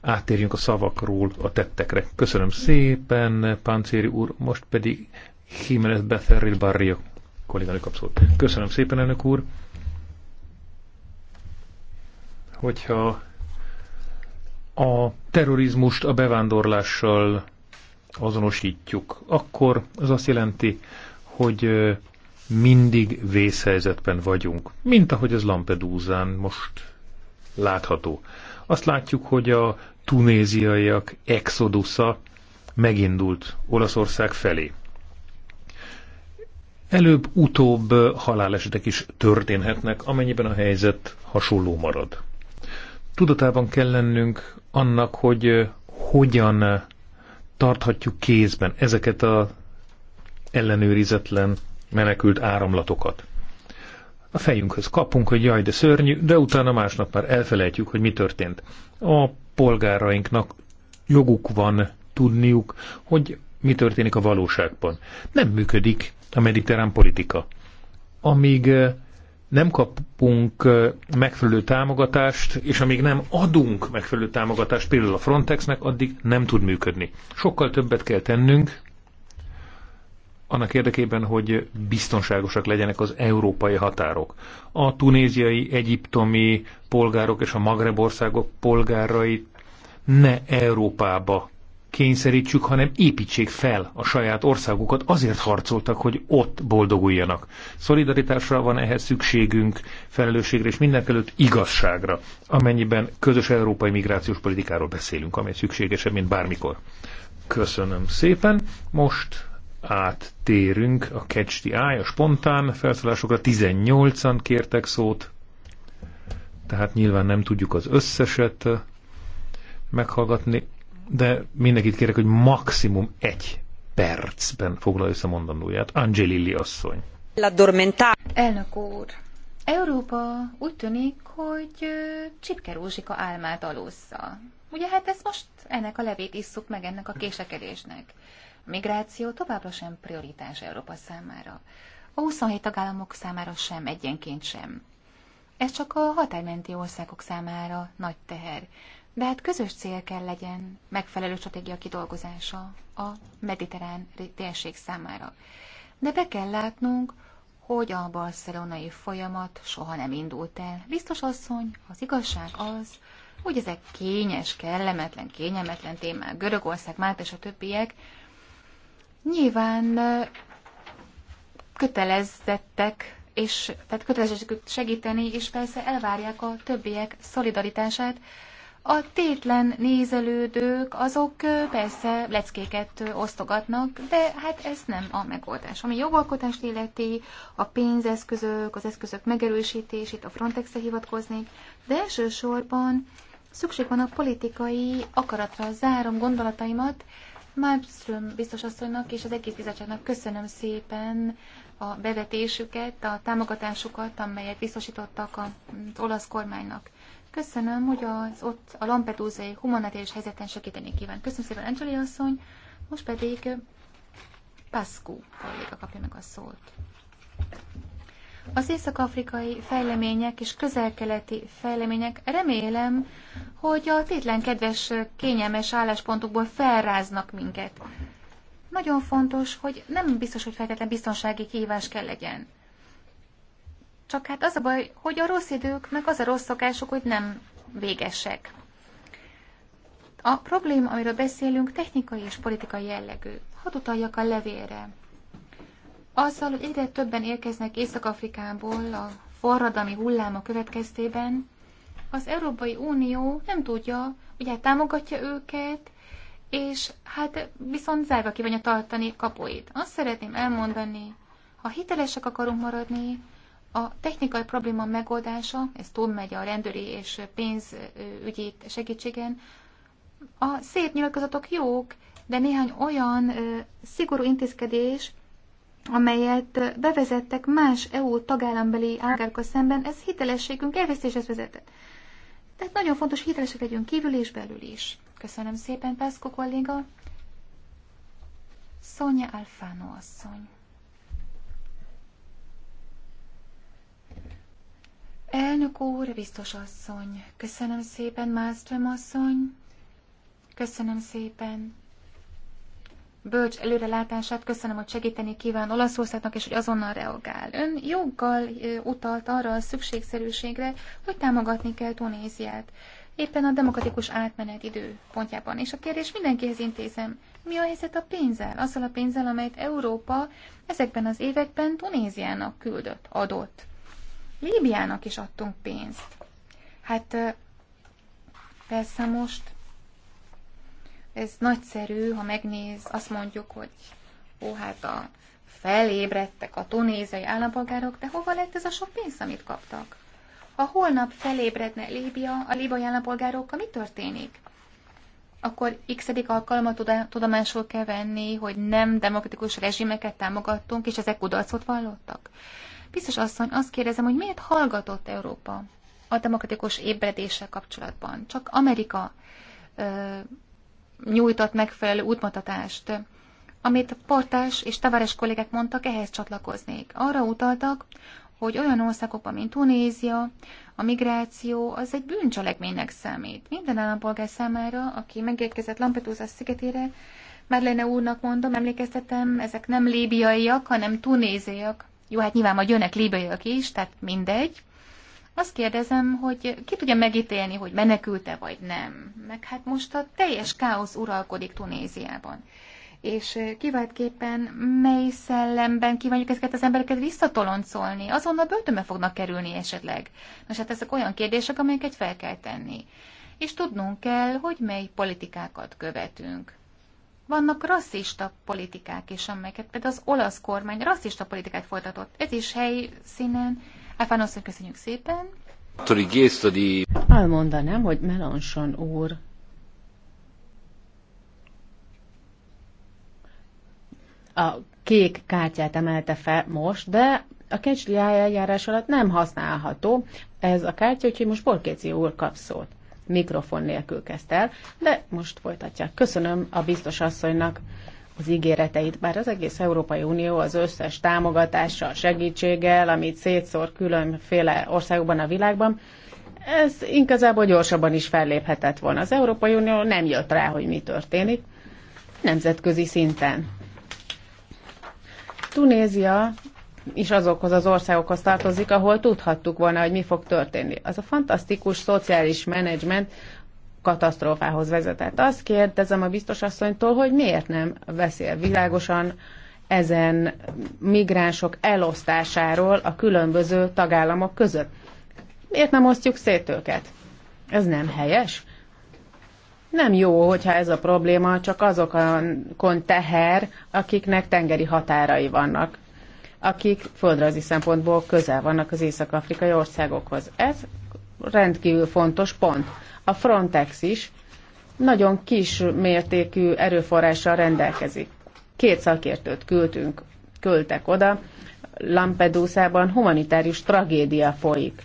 áttérjünk a szavakról a tettekre. Köszönöm szépen, Páncéri úr, most pedig Jiménez Becerril Barrio kolléganő kapszót. Köszönöm szépen, elnök úr. Hogyha a terrorizmust a bevándorlással azonosítjuk, akkor az azt jelenti, hogy mindig vészhelyzetben vagyunk, mint ahogy ez Lampedúzán most látható. Azt látjuk, hogy a tunéziaiak exodusza megindult Olaszország felé előbb-utóbb halálesetek is történhetnek, amennyiben a helyzet hasonló marad. Tudatában kell lennünk annak, hogy hogyan tarthatjuk kézben ezeket a ellenőrizetlen menekült áramlatokat. A fejünkhöz kapunk, hogy jaj, de szörnyű, de utána másnap már elfelejtjük, hogy mi történt. A polgárainknak joguk van tudniuk, hogy mi történik a valóságban. Nem működik a mediterrán politika. Amíg eh, nem kapunk eh, megfelelő támogatást, és amíg nem adunk megfelelő támogatást például a Frontexnek, addig nem tud működni. Sokkal többet kell tennünk annak érdekében, hogy biztonságosak legyenek az európai határok. A tunéziai, egyiptomi polgárok és a Magreb országok polgárai ne Európába kényszerítsük, hanem építsék fel a saját országukat. Azért harcoltak, hogy ott boldoguljanak. Szolidaritásra van ehhez szükségünk, felelősségre és mindenfelőtt igazságra, amennyiben közös európai migrációs politikáról beszélünk, amely szükségesebb, mint bármikor. Köszönöm szépen. Most áttérünk a Catch the Eye, a spontán felszólásokra. 18-an kértek szót, tehát nyilván nem tudjuk az összeset meghallgatni de mindenkit kérek, hogy maximum egy percben foglalja össze mondandóját. Angelilli asszony. Elnök úr, Európa úgy tűnik, hogy Csipke Rózsika álmát alussza. Ugye hát ezt most ennek a levét isszuk meg ennek a késekedésnek. A migráció továbbra sem prioritás Európa számára. A 27 tagállamok számára sem, egyenként sem. Ez csak a határmenti országok számára nagy teher. De hát közös cél kell legyen megfelelő stratégia kidolgozása a mediterrán térség számára. De be kell látnunk, hogy a barcelonai folyamat soha nem indult el. Biztos asszony, az igazság az, hogy ezek kényes, kellemetlen, kényelmetlen témák, Görögország, Mát és a többiek, nyilván kötelezettek, és tehát kötelezettek segíteni, és persze elvárják a többiek szolidaritását, a tétlen nézelődők, azok persze leckéket osztogatnak, de hát ez nem a megoldás. Ami jogalkotást illeti, a pénzeszközök, az eszközök megerősítését, a Frontexre hivatkoznék, de elsősorban szükség van a politikai akaratra. Zárom gondolataimat, Malmström biztos asszonynak és az egész bizottságnak köszönöm szépen a bevetésüket, a támogatásukat, amelyet biztosítottak az olasz kormánynak. Köszönöm, hogy az ott a Lampedusa-i humanitárius helyzeten segíteni kíván. Köszönöm szépen, Angeli asszony. Most pedig Pascu kolléga kapja meg a szót. Az észak-afrikai fejlemények és közel-keleti fejlemények remélem, hogy a tétlen kedves, kényelmes álláspontokból felráznak minket. Nagyon fontos, hogy nem biztos, hogy feltétlen biztonsági kihívás kell legyen. Csak hát az a baj, hogy a rossz idők, meg az a rossz szokások, hogy nem végesek. A probléma, amiről beszélünk, technikai és politikai jellegű. Hadd utaljak a levélre. Azzal, hogy egyre többen érkeznek Észak-Afrikából a forradalmi hulláma következtében, az Európai Unió nem tudja, hogy hát támogatja őket, és hát viszont zárva kívánja tartani kapuit. Azt szeretném elmondani, ha hitelesek akarunk maradni, a technikai probléma megoldása, ez túlmegy a rendőri és pénzügyi segítségen, a szép nyilatkozatok jók, de néhány olyan ö, szigorú intézkedés, amelyet bevezettek más EU tagállambeli ágákkal szemben, ez hitelességünk elvesztéshez vezetett. Tehát nagyon fontos, hitelesek legyünk kívül és belül is. Köszönöm szépen, Pászko kolléga. Sonja Alfano asszony. Elnök úr, biztos asszony, köszönöm szépen, Mászlöm asszony, köszönöm szépen. Bölcs előrelátását köszönöm, hogy segíteni kíván Olaszországnak, és hogy azonnal reagál. Ön joggal utalt arra a szükségszerűségre, hogy támogatni kell Tunéziát. Éppen a demokratikus átmenet időpontjában. És a kérdés mindenkihez intézem, mi a helyzet a pénzzel, azzal a pénzzel, amelyet Európa ezekben az években Tunéziának küldött, adott? Líbiának is adtunk pénzt. Hát persze most ez nagyszerű, ha megnéz, azt mondjuk, hogy ó, hát a felébredtek a tunézai állampolgárok, de hova lett ez a sok pénz, amit kaptak? Ha holnap felébredne Líbia, a líbai állampolgárokkal mi történik? Akkor x alkalommal tudomásul kell venni, hogy nem demokratikus rezsimeket támogattunk, és ezek kudarcot vallottak. Biztos asszony, azt kérdezem, hogy miért hallgatott Európa a demokratikus ébredéssel kapcsolatban? Csak Amerika ö, nyújtott megfelelő útmutatást. Amit Portás és Tavares kollégek mondtak, ehhez csatlakoznék. Arra utaltak, hogy olyan országokban, mint Tunézia, a migráció az egy bűncselekménynek számít. Minden állampolgár számára, aki megérkezett Lampedusa szigetére, Merlene úrnak mondom, emlékeztetem, ezek nem líbiaiak, hanem tunéziak. Jó, hát nyilván majd jönnek líbaiak is, tehát mindegy. Azt kérdezem, hogy ki tudja megítélni, hogy menekülte vagy nem. Meg hát most a teljes káosz uralkodik Tunéziában. És eh, kiváltképpen mely szellemben kívánjuk ezeket az embereket visszatoloncolni? Azonnal börtönbe fognak kerülni esetleg. Nos hát ezek olyan kérdések, amelyeket fel kell tenni. És tudnunk kell, hogy mely politikákat követünk. Vannak rasszista politikák is, amelyeket például az olasz kormány rasszista politikát folytatott. Ez is helyszínen. Áfán köszönjük szépen. Elmondanám, hogy Melanson úr a kék kártyát emelte fel most, de a kecsli eljárás alatt nem használható ez a kártya, úgyhogy most Borkéci úr kap szót mikrofon nélkül kezdte el, de most folytatják. Köszönöm a biztos asszonynak az ígéreteit, bár az egész Európai Unió az összes támogatással, segítséggel, amit szétszór különféle országokban a világban, ez inkább gyorsabban is felléphetett volna. Az Európai Unió nem jött rá, hogy mi történik nemzetközi szinten. Tunézia is azokhoz az országokhoz tartozik, ahol tudhattuk volna, hogy mi fog történni. Az a fantasztikus szociális menedzsment katasztrófához vezetett. Azt kérdezem a biztos asszonytól, hogy miért nem beszél világosan ezen migránsok elosztásáról a különböző tagállamok között. Miért nem osztjuk szét őket? Ez nem helyes? Nem jó, hogyha ez a probléma csak azokon teher, akiknek tengeri határai vannak akik földrajzi szempontból közel vannak az észak-afrikai országokhoz. Ez rendkívül fontos pont. A Frontex is nagyon kis mértékű erőforrással rendelkezik. Két szakértőt küldtünk, küldtek oda, Lampedusában humanitárius tragédia folyik.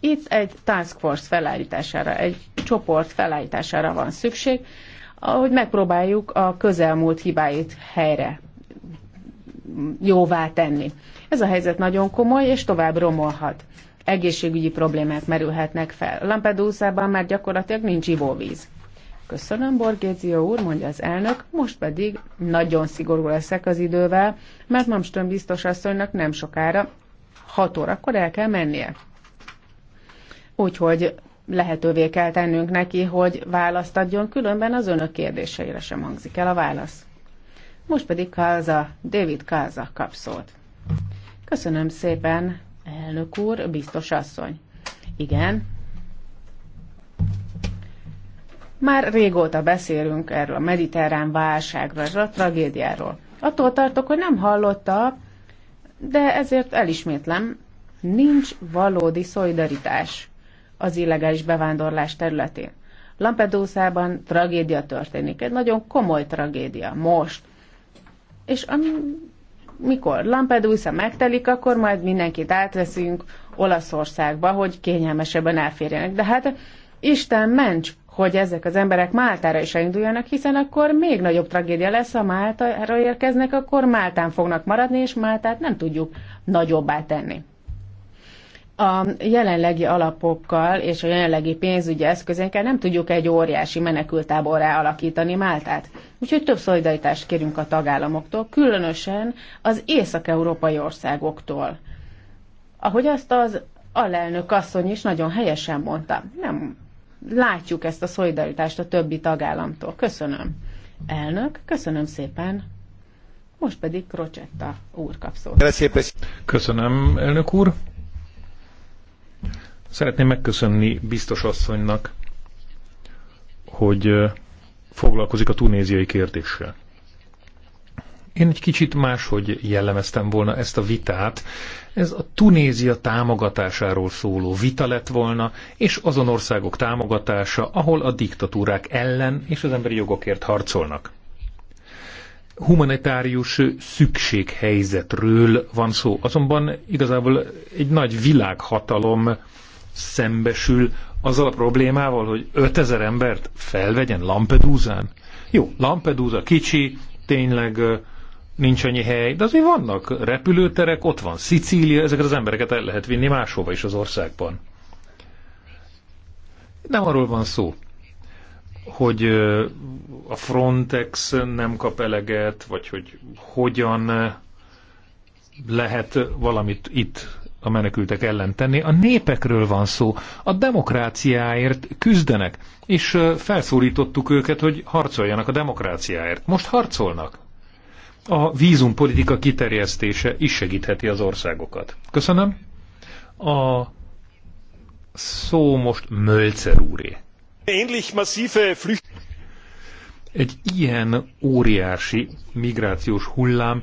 Itt egy task force felállítására, egy csoport felállítására van szükség, hogy megpróbáljuk a közelmúlt hibáit helyre jóvá tenni. Ez a helyzet nagyon komoly, és tovább romolhat. Egészségügyi problémák merülhetnek fel. Lampedusa-ban már gyakorlatilag nincs ivóvíz. Köszönöm, Borgézió úr, mondja az elnök, most pedig nagyon szigorú leszek az idővel, mert Mamström biztos asszonynak nem sokára, 6 órakor el kell mennie. Úgyhogy lehetővé kell tennünk neki, hogy választ adjon, különben az önök kérdéseire sem hangzik el a válasz. Most pedig Káza, David Káza kap szót. Köszönöm szépen, elnök úr, biztos asszony. Igen. Már régóta beszélünk erről a mediterrán válságról, erről a tragédiáról. Attól tartok, hogy nem hallotta, de ezért elismétlem, nincs valódi szolidaritás az illegális bevándorlás területén. Lampedusában tragédia történik, egy nagyon komoly tragédia most és amikor Lampedusa megtelik, akkor majd mindenkit átveszünk Olaszországba, hogy kényelmesebben elférjenek. De hát Isten ments, hogy ezek az emberek Máltára is elinduljanak, hiszen akkor még nagyobb tragédia lesz, ha Máltára érkeznek, akkor Máltán fognak maradni, és Máltát nem tudjuk nagyobbá tenni a jelenlegi alapokkal és a jelenlegi pénzügyi eszközénkkel nem tudjuk egy óriási menekültáborra alakítani Máltát. Úgyhogy több szolidaritást kérünk a tagállamoktól, különösen az észak-európai országoktól. Ahogy azt az alelnök asszony is nagyon helyesen mondta, nem látjuk ezt a szolidaritást a többi tagállamtól. Köszönöm. Elnök, köszönöm szépen. Most pedig Krocsetta úr kap szót. Köszönöm, elnök úr. Szeretném megköszönni biztos asszonynak, hogy foglalkozik a tunéziai kérdéssel. Én egy kicsit máshogy jellemeztem volna ezt a vitát. Ez a Tunézia támogatásáról szóló vita lett volna, és azon országok támogatása, ahol a diktatúrák ellen és az emberi jogokért harcolnak. Humanitárius szükséghelyzetről van szó, azonban igazából egy nagy világhatalom szembesül azzal a problémával, hogy 5000 embert felvegyen lampedúzán. Jó, Lampedúza kicsi, tényleg nincs annyi hely, de azért vannak repülőterek, ott van Szicília, ezeket az embereket el lehet vinni máshova is az országban. Nem arról van szó, hogy a Frontex nem kap eleget, vagy hogy hogyan lehet valamit itt a menekültek ellen tenni. A népekről van szó, a demokráciáért küzdenek, és felszólítottuk őket, hogy harcoljanak a demokráciáért. Most harcolnak. A vízumpolitika kiterjesztése is segítheti az országokat. Köszönöm. A szó most Mölcer úré. Egy ilyen óriási migrációs hullám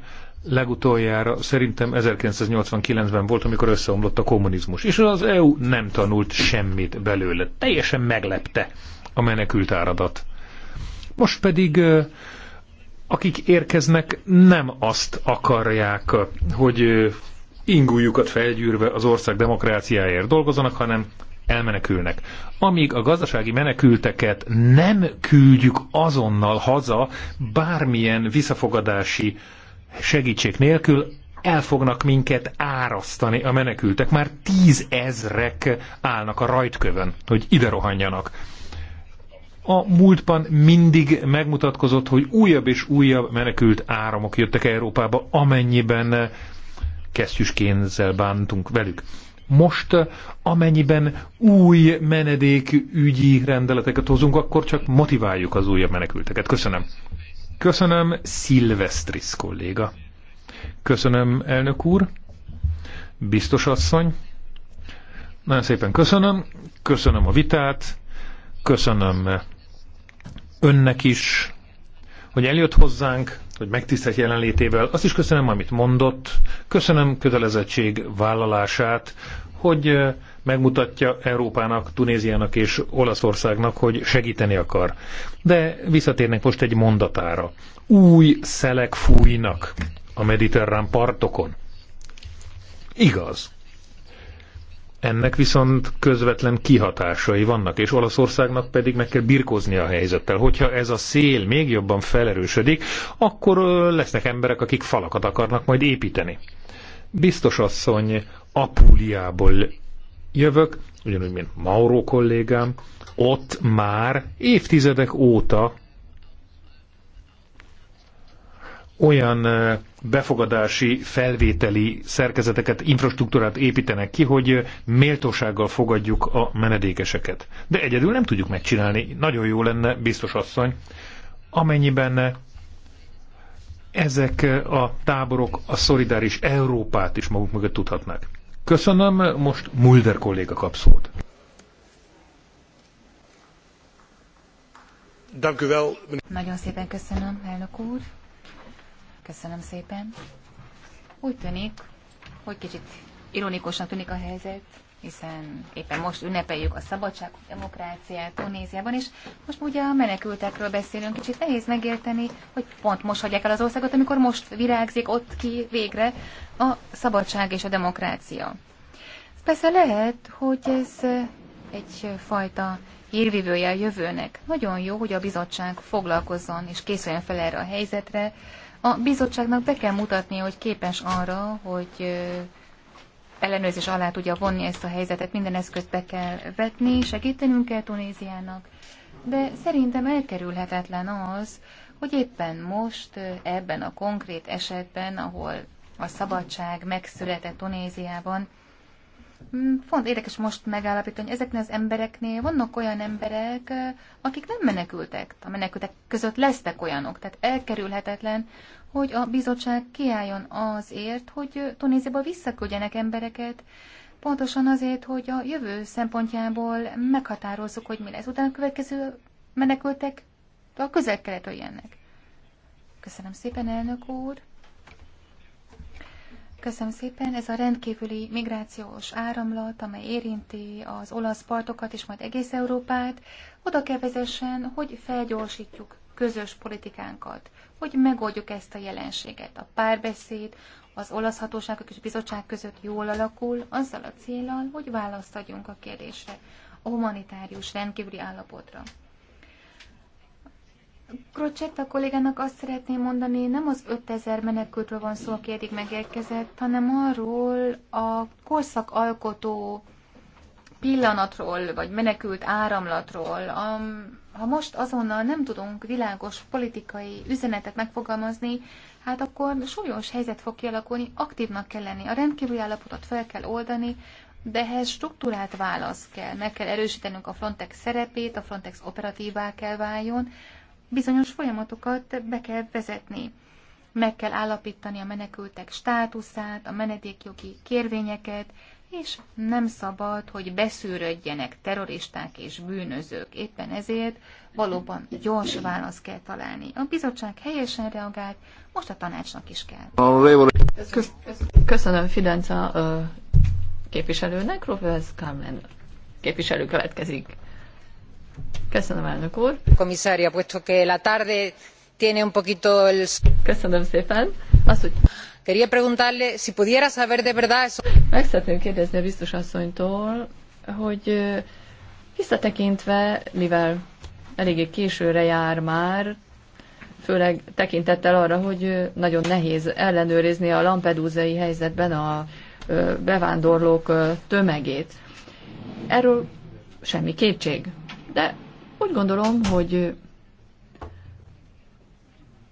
legutoljára szerintem 1989-ben volt, amikor összeomlott a kommunizmus, és az EU nem tanult semmit belőle. Teljesen meglepte a menekült áradat. Most pedig akik érkeznek, nem azt akarják, hogy ingújukat felgyűrve az ország demokráciáért dolgozanak, hanem elmenekülnek. Amíg a gazdasági menekülteket nem küldjük azonnal haza bármilyen visszafogadási segítség nélkül el fognak minket árasztani a menekültek. Már tízezrek állnak a rajtkövön, hogy ide rohanjanak. A múltban mindig megmutatkozott, hogy újabb és újabb menekült áramok jöttek Európába, amennyiben kesztyüskénzzel bántunk velük. Most, amennyiben új menedékügyi rendeleteket hozunk, akkor csak motiváljuk az újabb menekülteket. Köszönöm. Köszönöm, Szilvesztris kolléga. Köszönöm, elnök úr, biztos asszony. Nagyon szépen köszönöm, köszönöm a vitát, köszönöm önnek is, hogy eljött hozzánk, hogy megtisztelt jelenlétével. Azt is köszönöm, amit mondott, köszönöm kötelezettség vállalását, hogy megmutatja Európának, Tunéziának és Olaszországnak, hogy segíteni akar. De visszatérnek most egy mondatára. Új szelek fújnak a mediterrán partokon. Igaz. Ennek viszont közvetlen kihatásai vannak, és Olaszországnak pedig meg kell birkózni a helyzettel. Hogyha ez a szél még jobban felerősödik, akkor lesznek emberek, akik falakat akarnak majd építeni. Biztos asszony Apuliából jövök, ugyanúgy, mint Mauro kollégám, ott már évtizedek óta olyan befogadási, felvételi szerkezeteket, infrastruktúrát építenek ki, hogy méltósággal fogadjuk a menedékeseket. De egyedül nem tudjuk megcsinálni. Nagyon jó lenne, biztos asszony, amennyiben ezek a táborok a szolidáris Európát is maguk mögött tudhatnak. Köszönöm, most Mulder kolléga kap szót. Nagyon szépen köszönöm, elnök úr. Köszönöm szépen. Úgy tűnik, hogy kicsit ironikusnak tűnik a helyzet, hiszen éppen most ünnepeljük a szabadság, a demokráciát Tunéziában, és most ugye a menekültekről beszélünk, kicsit nehéz megérteni, hogy pont most hagyják el az országot, amikor most virágzik ott ki végre a szabadság és a demokrácia. Persze lehet, hogy ez egyfajta hírvívője a jövőnek. Nagyon jó, hogy a bizottság foglalkozzon és készüljön fel erre a helyzetre. A bizottságnak be kell mutatni, hogy képes arra, hogy ellenőrzés alá tudja vonni ezt a helyzetet, minden eszközt be kell vetni, segítenünk kell Tunéziának, de szerintem elkerülhetetlen az, hogy éppen most ebben a konkrét esetben, ahol a szabadság megszületett Tunéziában, font mm, érdekes most megállapítani, hogy ezeknél az embereknél vannak olyan emberek, eh, akik nem menekültek. A menekültek között lesznek olyanok, tehát elkerülhetetlen, hogy a bizottság kiálljon azért, hogy Tunéziába visszaküldjenek embereket, pontosan azért, hogy a jövő szempontjából meghatározzuk, hogy mi lesz. Utána a következő menekültek a közel-keletről jönnek. Köszönöm szépen, elnök úr! Köszönöm szépen. Ez a rendkívüli migrációs áramlat, amely érinti az olasz partokat és majd egész Európát, oda kell vezessen, hogy felgyorsítjuk közös politikánkat, hogy megoldjuk ezt a jelenséget. A párbeszéd az olasz hatóságok és bizottság között jól alakul, azzal a célral, hogy választ adjunk a kérdésre, a humanitárius rendkívüli állapotra. Krocsetta kollégának azt szeretném mondani, nem az 5000 menekültről van szó, aki eddig megérkezett, hanem arról a korszak alkotó pillanatról, vagy menekült áramlatról. A, ha most azonnal nem tudunk világos politikai üzenetet megfogalmazni, hát akkor súlyos helyzet fog kialakulni, aktívnak kell lenni, a rendkívüli állapotot fel kell oldani, de ehhez struktúrált válasz kell, meg kell erősítenünk a Frontex szerepét, a Frontex operatívá kell váljon, bizonyos folyamatokat be kell vezetni. Meg kell állapítani a menekültek státuszát, a menedékjogi kérvényeket, és nem szabad, hogy beszűrödjenek terroristák és bűnözők. Éppen ezért valóban gyors választ kell találni. A bizottság helyesen reagált, most a tanácsnak is kell. Köszönöm Fidenca képviselőnek, Rovesz Kámen. képviselő következik. Köszönöm, elnök úr. Komisária, puesto que la tarde tiene un poquito el... Köszönöm szépen. Azt, hogy... Quería preguntarle si pudiera saber de verdad... Eso... Meg szeretném kérdezni a biztos asszonytól, hogy visszatekintve, mivel eléggé későre jár már, főleg tekintettel arra, hogy nagyon nehéz ellenőrizni a lampedúzai helyzetben a bevándorlók tömegét. Erről semmi kétség. De úgy gondolom, hogy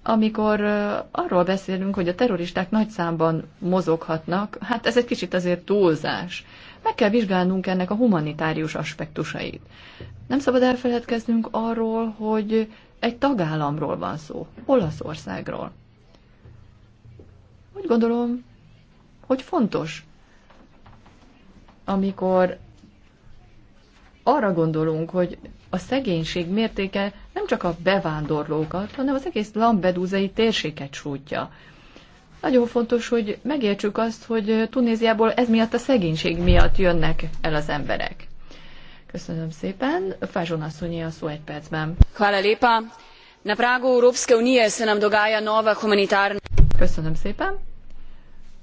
amikor arról beszélünk, hogy a terroristák nagy számban mozoghatnak, hát ez egy kicsit azért túlzás. Meg kell vizsgálnunk ennek a humanitárius aspektusait. Nem szabad elfeledkeznünk arról, hogy egy tagállamról van szó, Olaszországról. Úgy gondolom, hogy fontos, amikor arra gondolunk, hogy a szegénység mértéke nem csak a bevándorlókat, hanem az egész lambedúzai térséget sújtja. Nagyon fontos, hogy megértsük azt, hogy Tunéziából ez miatt a szegénység miatt jönnek el az emberek. Köszönöm szépen. Fázson asszonyi a szó egy percben. lépa. Na Prágu Európske Unie se nova humanitárna... Köszönöm szépen.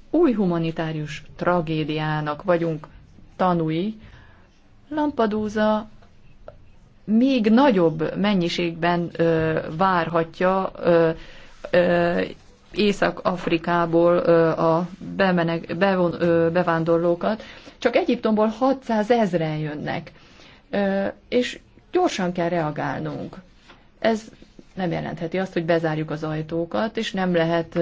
Új humanitárius tragédiának vagyunk tanúi, Lampadúza még nagyobb mennyiségben ö, várhatja ö, ö, Észak-Afrikából ö, a bemeneg, bevon, ö, bevándorlókat. Csak Egyiptomból 600 ezren jönnek, ö, és gyorsan kell reagálnunk. Ez nem jelentheti azt, hogy bezárjuk az ajtókat, és nem lehet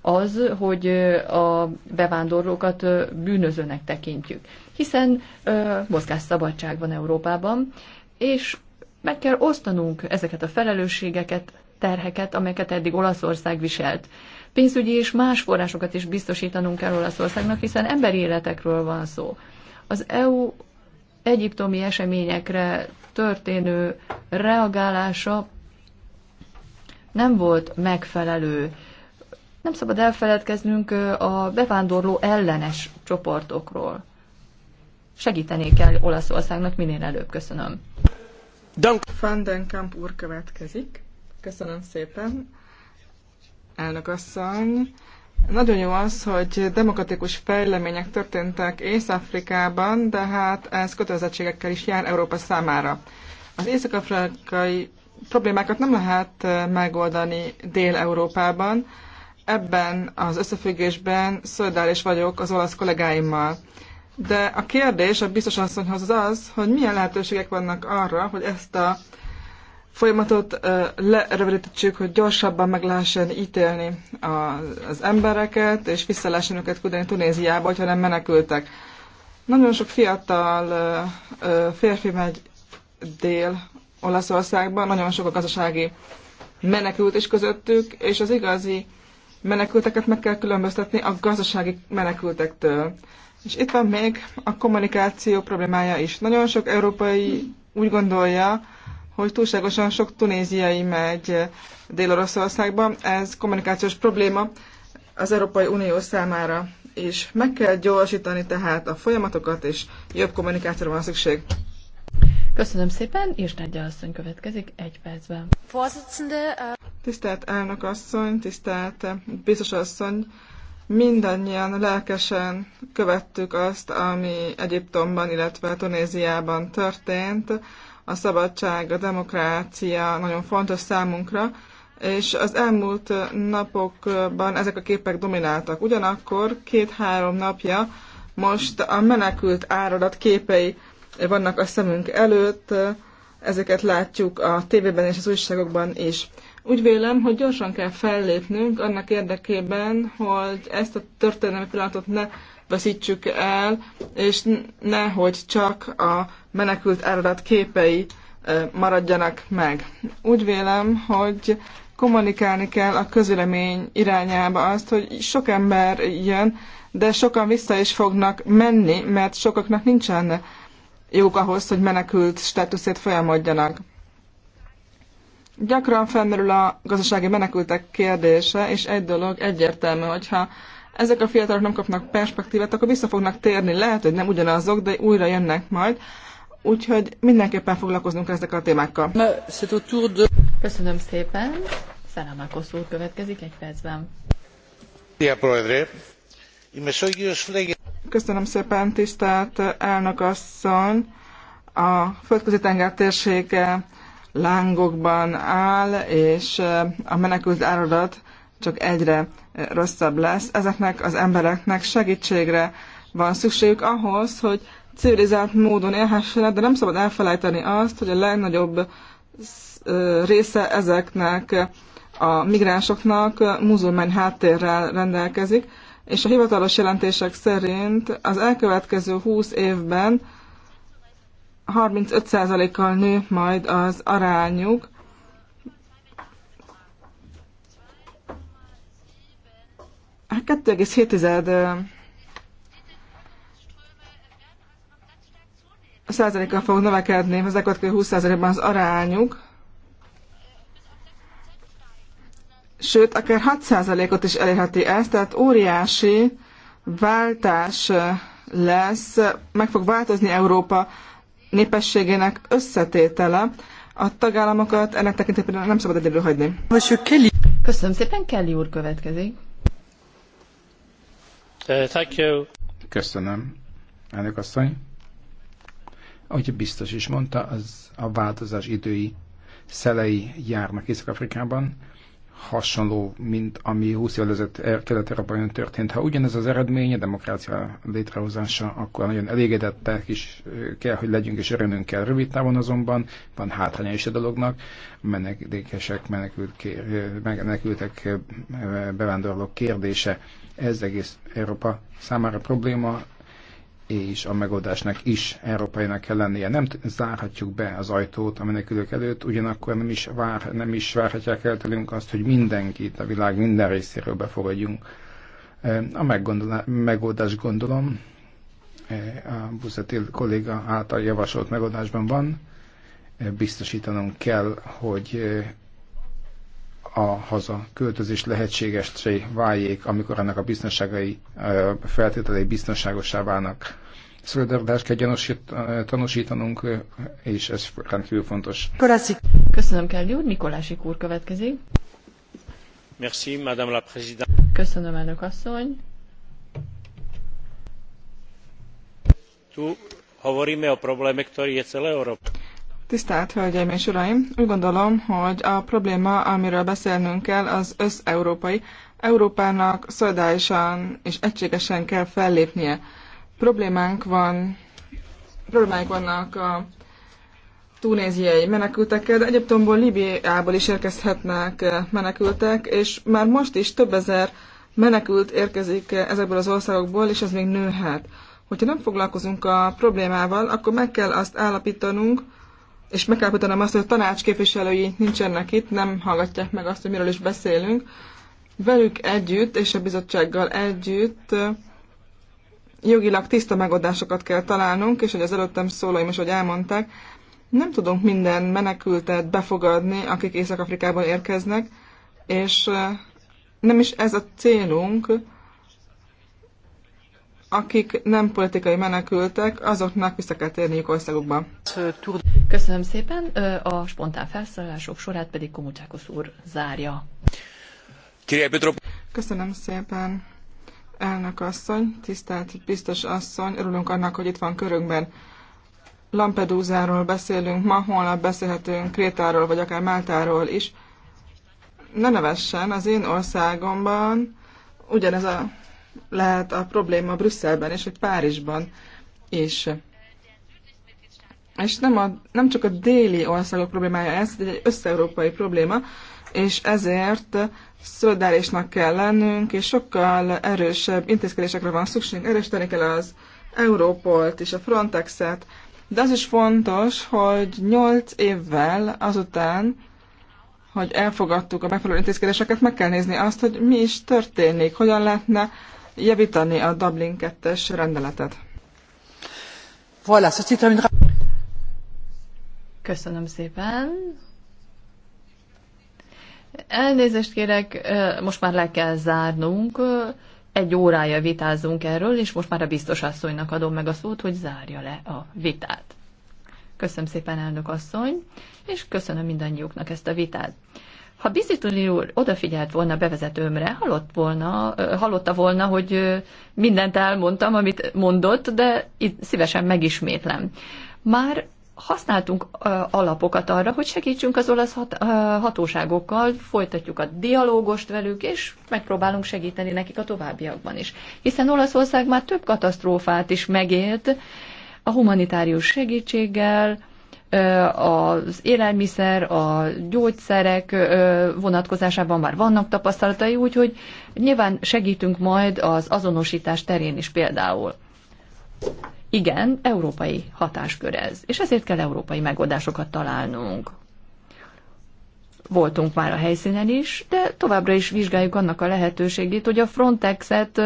az, hogy a bevándorlókat bűnözőnek tekintjük hiszen ö, mozgásszabadság van Európában, és meg kell osztanunk ezeket a felelősségeket, terheket, amelyeket eddig Olaszország viselt. Pénzügyi és más forrásokat is biztosítanunk kell Olaszországnak, hiszen emberi életekről van szó. Az EU egyiptomi eseményekre történő reagálása nem volt megfelelő. Nem szabad elfeledkeznünk a bevándorló ellenes csoportokról segíteni kell Olaszországnak minél előbb. Köszönöm. Fandenkamp úr következik. Köszönöm szépen. Elnök asszony. Nagyon jó az, hogy demokratikus fejlemények történtek Észak-Afrikában, de hát ez kötelezettségekkel is jár Európa számára. Az észak-afrikai problémákat nem lehet eh, megoldani Dél-Európában. Ebben az összefüggésben szolidális vagyok az olasz kollégáimmal. De a kérdés a biztos asszonyhoz az az, hogy milyen lehetőségek vannak arra, hogy ezt a folyamatot lerövidítsük, hogy gyorsabban meg lehessen ítélni az embereket, és vissza lehessen őket küldeni Tunéziába, hogyha nem menekültek. Nagyon sok fiatal férfi megy Dél-Olaszországban, nagyon sok a gazdasági menekült is közöttük, és az igazi menekülteket meg kell különböztetni a gazdasági menekültektől. És itt van még a kommunikáció problémája is. Nagyon sok európai úgy gondolja, hogy túlságosan sok tunéziai megy Dél-Oroszországba. Ez kommunikációs probléma az Európai Unió számára és meg kell gyorsítani tehát a folyamatokat, és jobb kommunikációra van szükség. Köszönöm szépen, és Nagyja asszony következik egy percben. Tisztelt elnök asszony, tisztelt biztos asszony, mindannyian lelkesen követtük azt, ami Egyiptomban, illetve Tunéziában történt. A szabadság, a demokrácia nagyon fontos számunkra, és az elmúlt napokban ezek a képek domináltak. Ugyanakkor két-három napja most a menekült áradat képei vannak a szemünk előtt, ezeket látjuk a tévében és az újságokban is. Úgy vélem, hogy gyorsan kell fellépnünk annak érdekében, hogy ezt a történelmi pillanatot ne veszítsük el, és nehogy csak a menekült áradat képei maradjanak meg. Úgy vélem, hogy kommunikálni kell a közülemény irányába azt, hogy sok ember jön, de sokan vissza is fognak menni, mert sokaknak nincsen jók ahhoz, hogy menekült státuszét folyamodjanak. Gyakran felmerül a gazdasági menekültek kérdése, és egy dolog egyértelmű, hogyha ezek a fiatalok nem kapnak perspektívát, akkor vissza fognak térni. Lehet, hogy nem ugyanazok, de újra jönnek majd. Úgyhogy mindenképpen foglalkoznunk ezekkel a témákkal. Köszönöm szépen. Szelemakosz úr következik egy percben. Köszönöm szépen, tisztelt elnök asszony. A földközi tenger térsége lángokban áll, és a menekült áradat csak egyre rosszabb lesz. Ezeknek az embereknek segítségre van szükségük ahhoz, hogy civilizált módon élhessenek, de nem szabad elfelejteni azt, hogy a legnagyobb része ezeknek a migránsoknak muzulmány háttérrel rendelkezik, és a hivatalos jelentések szerint az elkövetkező 20 évben 35%-kal nő majd az arányuk. Hát 2,7 százalékkal fog növekedni, az elkövetkező 20 százalékban az arányuk. Sőt, akár 6 százalékot is elérheti ezt, tehát óriási váltás lesz, meg fog változni Európa népességének összetétele. A tagállamokat ennek tekintetében nem szabad egyedül hagyni. Köszönöm szépen, Kelly úr következik. Uh, thank you. Köszönöm, elnök asszony. Ahogy biztos is mondta, az a változás idői szelei járnak Észak-Afrikában hasonló, mint ami 20 évvel ezelőtt e- Kelet-Európában történt. Ha ugyanez az eredmény, a demokrácia létrehozása, akkor nagyon elégedettek is kell, hogy legyünk, és örülnünk kell. Rövid távon azonban van hátránya is a dolognak. Menekülések, menekültek, bevándorlók kérdése. Ez egész Európa számára probléma, és a megoldásnak is európainak kell lennie. Nem zárhatjuk be az ajtót a menekülők előtt, ugyanakkor nem is, vár, nem is várhatják el tőlünk azt, hogy mindenkit a világ minden részéről befogadjunk. A megoldás gondolom a Buszatil kolléga által javasolt megoldásban van. Biztosítanunk kell, hogy a haza költözés lehetségesé váljék, amikor ennek a biztonságai feltételei biztonságosá válnak. Szolidaritást kell tanúsítanunk, és ez rendkívül fontos. Köszönöm, Kelly úr. Mikolási úr következik. Merci, Madame la Présidente. Köszönöm, elnök asszony. Tu hovoríme o probléme, ktorý je celé Európa Tisztelt Hölgyeim és Uraim! Úgy gondolom, hogy a probléma, amiről beszélnünk kell, az összeurópai. Európának szolidálisan és egységesen kell fellépnie. Problémánk van, problémáink vannak a túnéziai menekültekkel, de Egyiptomból, Libiából is érkezhetnek eh, menekültek, és már most is több ezer menekült érkezik eh, ezekből az országokból, és ez még nőhet. Hogyha nem foglalkozunk a problémával, akkor meg kell azt állapítanunk, és megállapítanom azt, hogy a tanács képviselői nincsenek itt, nem hallgatják meg azt, hogy miről is beszélünk. Velük együtt és a bizottsággal együtt jogilag tiszta megoldásokat kell találnunk, és hogy az előttem szólóim is, hogy elmondták, nem tudunk minden menekültet befogadni, akik Észak-Afrikából érkeznek, és nem is ez a célunk, akik nem politikai menekültek, azoknak vissza kell térniük országukba. Köszönöm szépen, a spontán felszólalások sorát pedig Komucsákos úr zárja. Köszönöm szépen, elnök asszony, tisztelt biztos asszony, örülünk annak, hogy itt van körünkben. lampedúzáról beszélünk ma, holnap beszélhetünk Krétáról, vagy akár Máltáról is. Ne nevessen, az én országomban ugyanez a lehet a probléma Brüsszelben és vagy Párizsban is. És nem, a, nem csak a déli országok problémája ez, de egy összeurópai probléma, és ezért szolidárisnak kell lennünk, és sokkal erősebb intézkedésekre van szükség. Erősíteni kell az Európolt és a Frontexet, de az is fontos, hogy 8 évvel azután, hogy elfogadtuk a megfelelő intézkedéseket, meg kell nézni azt, hogy mi is történik, hogyan lehetne javítani a Dublin 2-es rendeletet. Voilà, Köszönöm szépen. Elnézést kérek, most már le kell zárnunk. Egy órája vitázunk erről, és most már a biztos asszonynak adom meg a szót, hogy zárja le a vitát. Köszönöm szépen, elnök asszony, és köszönöm mindannyiuknak ezt a vitát. Ha Bizitoli úr odafigyelt volna bevezetőmre, hallott volna, hallotta volna, hogy mindent elmondtam, amit mondott, de itt szívesen megismétlem. Már használtunk alapokat arra, hogy segítsünk az olasz hat, hatóságokkal, folytatjuk a dialógost velük, és megpróbálunk segíteni nekik a továbbiakban is. Hiszen Olaszország már több katasztrófát is megélt a humanitárius segítséggel, az élelmiszer, a gyógyszerek vonatkozásában már vannak tapasztalatai, úgyhogy nyilván segítünk majd az azonosítás terén is például. Igen, európai hatáskör ez, és ezért kell európai megoldásokat találnunk. Voltunk már a helyszínen is, de továbbra is vizsgáljuk annak a lehetőségét, hogy a Frontexet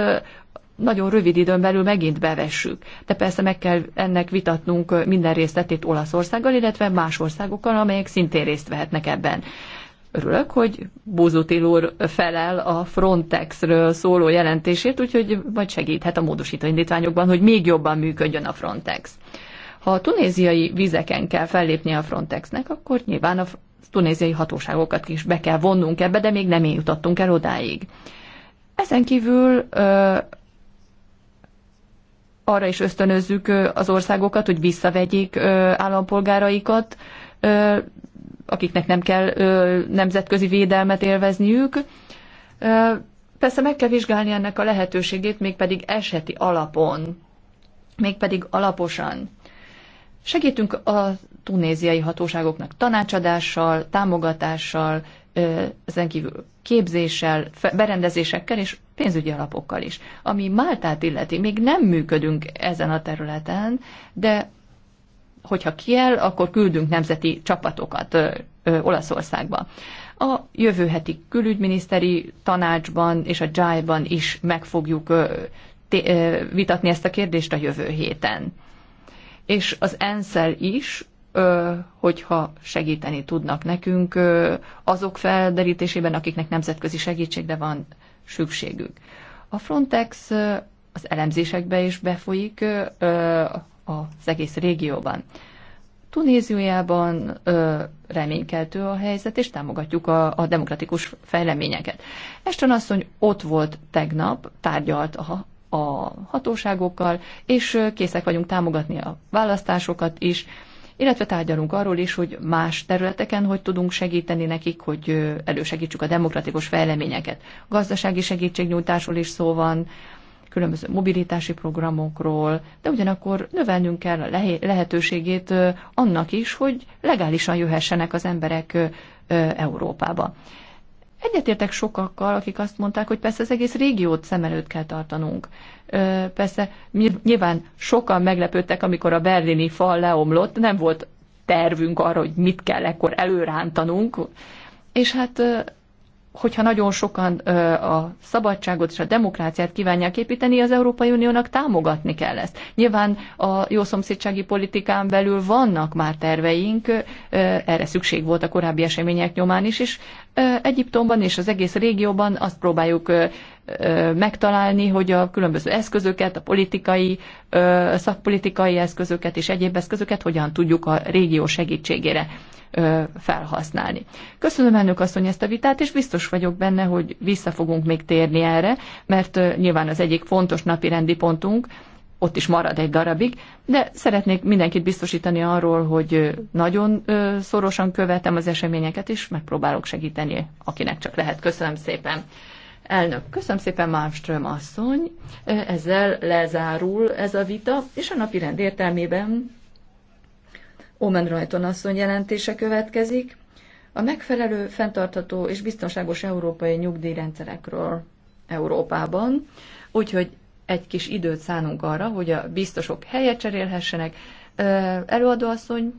nagyon rövid időn belül megint bevessük. De persze meg kell ennek vitatnunk minden részletét Olaszországgal, illetve más országokkal, amelyek szintén részt vehetnek ebben. Örülök, hogy Búzutil úr felel a Frontexről szóló jelentését, úgyhogy majd segíthet a módosító indítványokban, hogy még jobban működjön a Frontex. Ha a tunéziai vizeken kell fellépni a Frontexnek, akkor nyilván a tunéziai hatóságokat is be kell vonnunk ebbe, de még nem jutottunk el odáig. Ezen kívül arra is ösztönözzük az országokat, hogy visszavegyék állampolgáraikat, akiknek nem kell nemzetközi védelmet élvezniük. Persze meg kell vizsgálni ennek a lehetőségét, mégpedig eseti alapon, mégpedig alaposan. Segítünk a tunéziai hatóságoknak tanácsadással, támogatással, ezen kívül képzéssel, berendezésekkel és pénzügyi alapokkal is. Ami Máltát illeti, még nem működünk ezen a területen, de hogyha kiel, akkor küldünk nemzeti csapatokat Olaszországba. A jövő heti külügyminiszteri tanácsban és a JAI-ban is meg fogjuk vitatni ezt a kérdést a jövő héten. És az ensz is hogyha segíteni tudnak nekünk azok felderítésében, akiknek nemzetközi segítségre van szükségük. A Frontex az elemzésekbe is befolyik az egész régióban. Tunéziójában reménykeltő a helyzet, és támogatjuk a, a demokratikus fejleményeket. Eston asszony ott volt tegnap, tárgyalt a, a hatóságokkal, és készek vagyunk támogatni a választásokat is illetve tárgyalunk arról is, hogy más területeken hogy tudunk segíteni nekik, hogy elősegítsük a demokratikus fejleményeket. Gazdasági segítségnyújtásról is szó van, különböző mobilitási programokról, de ugyanakkor növelnünk kell a lehetőségét annak is, hogy legálisan jöhessenek az emberek Európába. Egyetértek sokakkal, akik azt mondták, hogy persze az egész régiót szem előtt kell tartanunk. Ö, persze nyilván sokan meglepődtek, amikor a berlini fal leomlott, nem volt tervünk arra, hogy mit kell ekkor előrántanunk, és hát hogyha nagyon sokan a szabadságot és a demokráciát kívánják építeni, az Európai Uniónak támogatni kell ezt. Nyilván a szomszédsági politikán belül vannak már terveink, erre szükség volt a korábbi események nyomán is, és Egyiptomban és az egész régióban azt próbáljuk megtalálni, hogy a különböző eszközöket, a politikai, szakpolitikai eszközöket és egyéb eszközöket hogyan tudjuk a régió segítségére felhasználni. Köszönöm elnök asszony ezt a vitát, és biztos vagyok benne, hogy vissza fogunk még térni erre, mert nyilván az egyik fontos napi rendi pontunk, ott is marad egy darabig, de szeretnék mindenkit biztosítani arról, hogy nagyon szorosan követem az eseményeket, és megpróbálok segíteni, akinek csak lehet. Köszönöm szépen. Elnök, köszönöm szépen Malmström asszony, ezzel lezárul ez a vita, és a napi rend értelmében Omen Rajton asszony jelentése következik. A megfelelő, fenntartható és biztonságos európai nyugdíjrendszerekről Európában, úgyhogy egy kis időt szánunk arra, hogy a biztosok helyet cserélhessenek. asszony,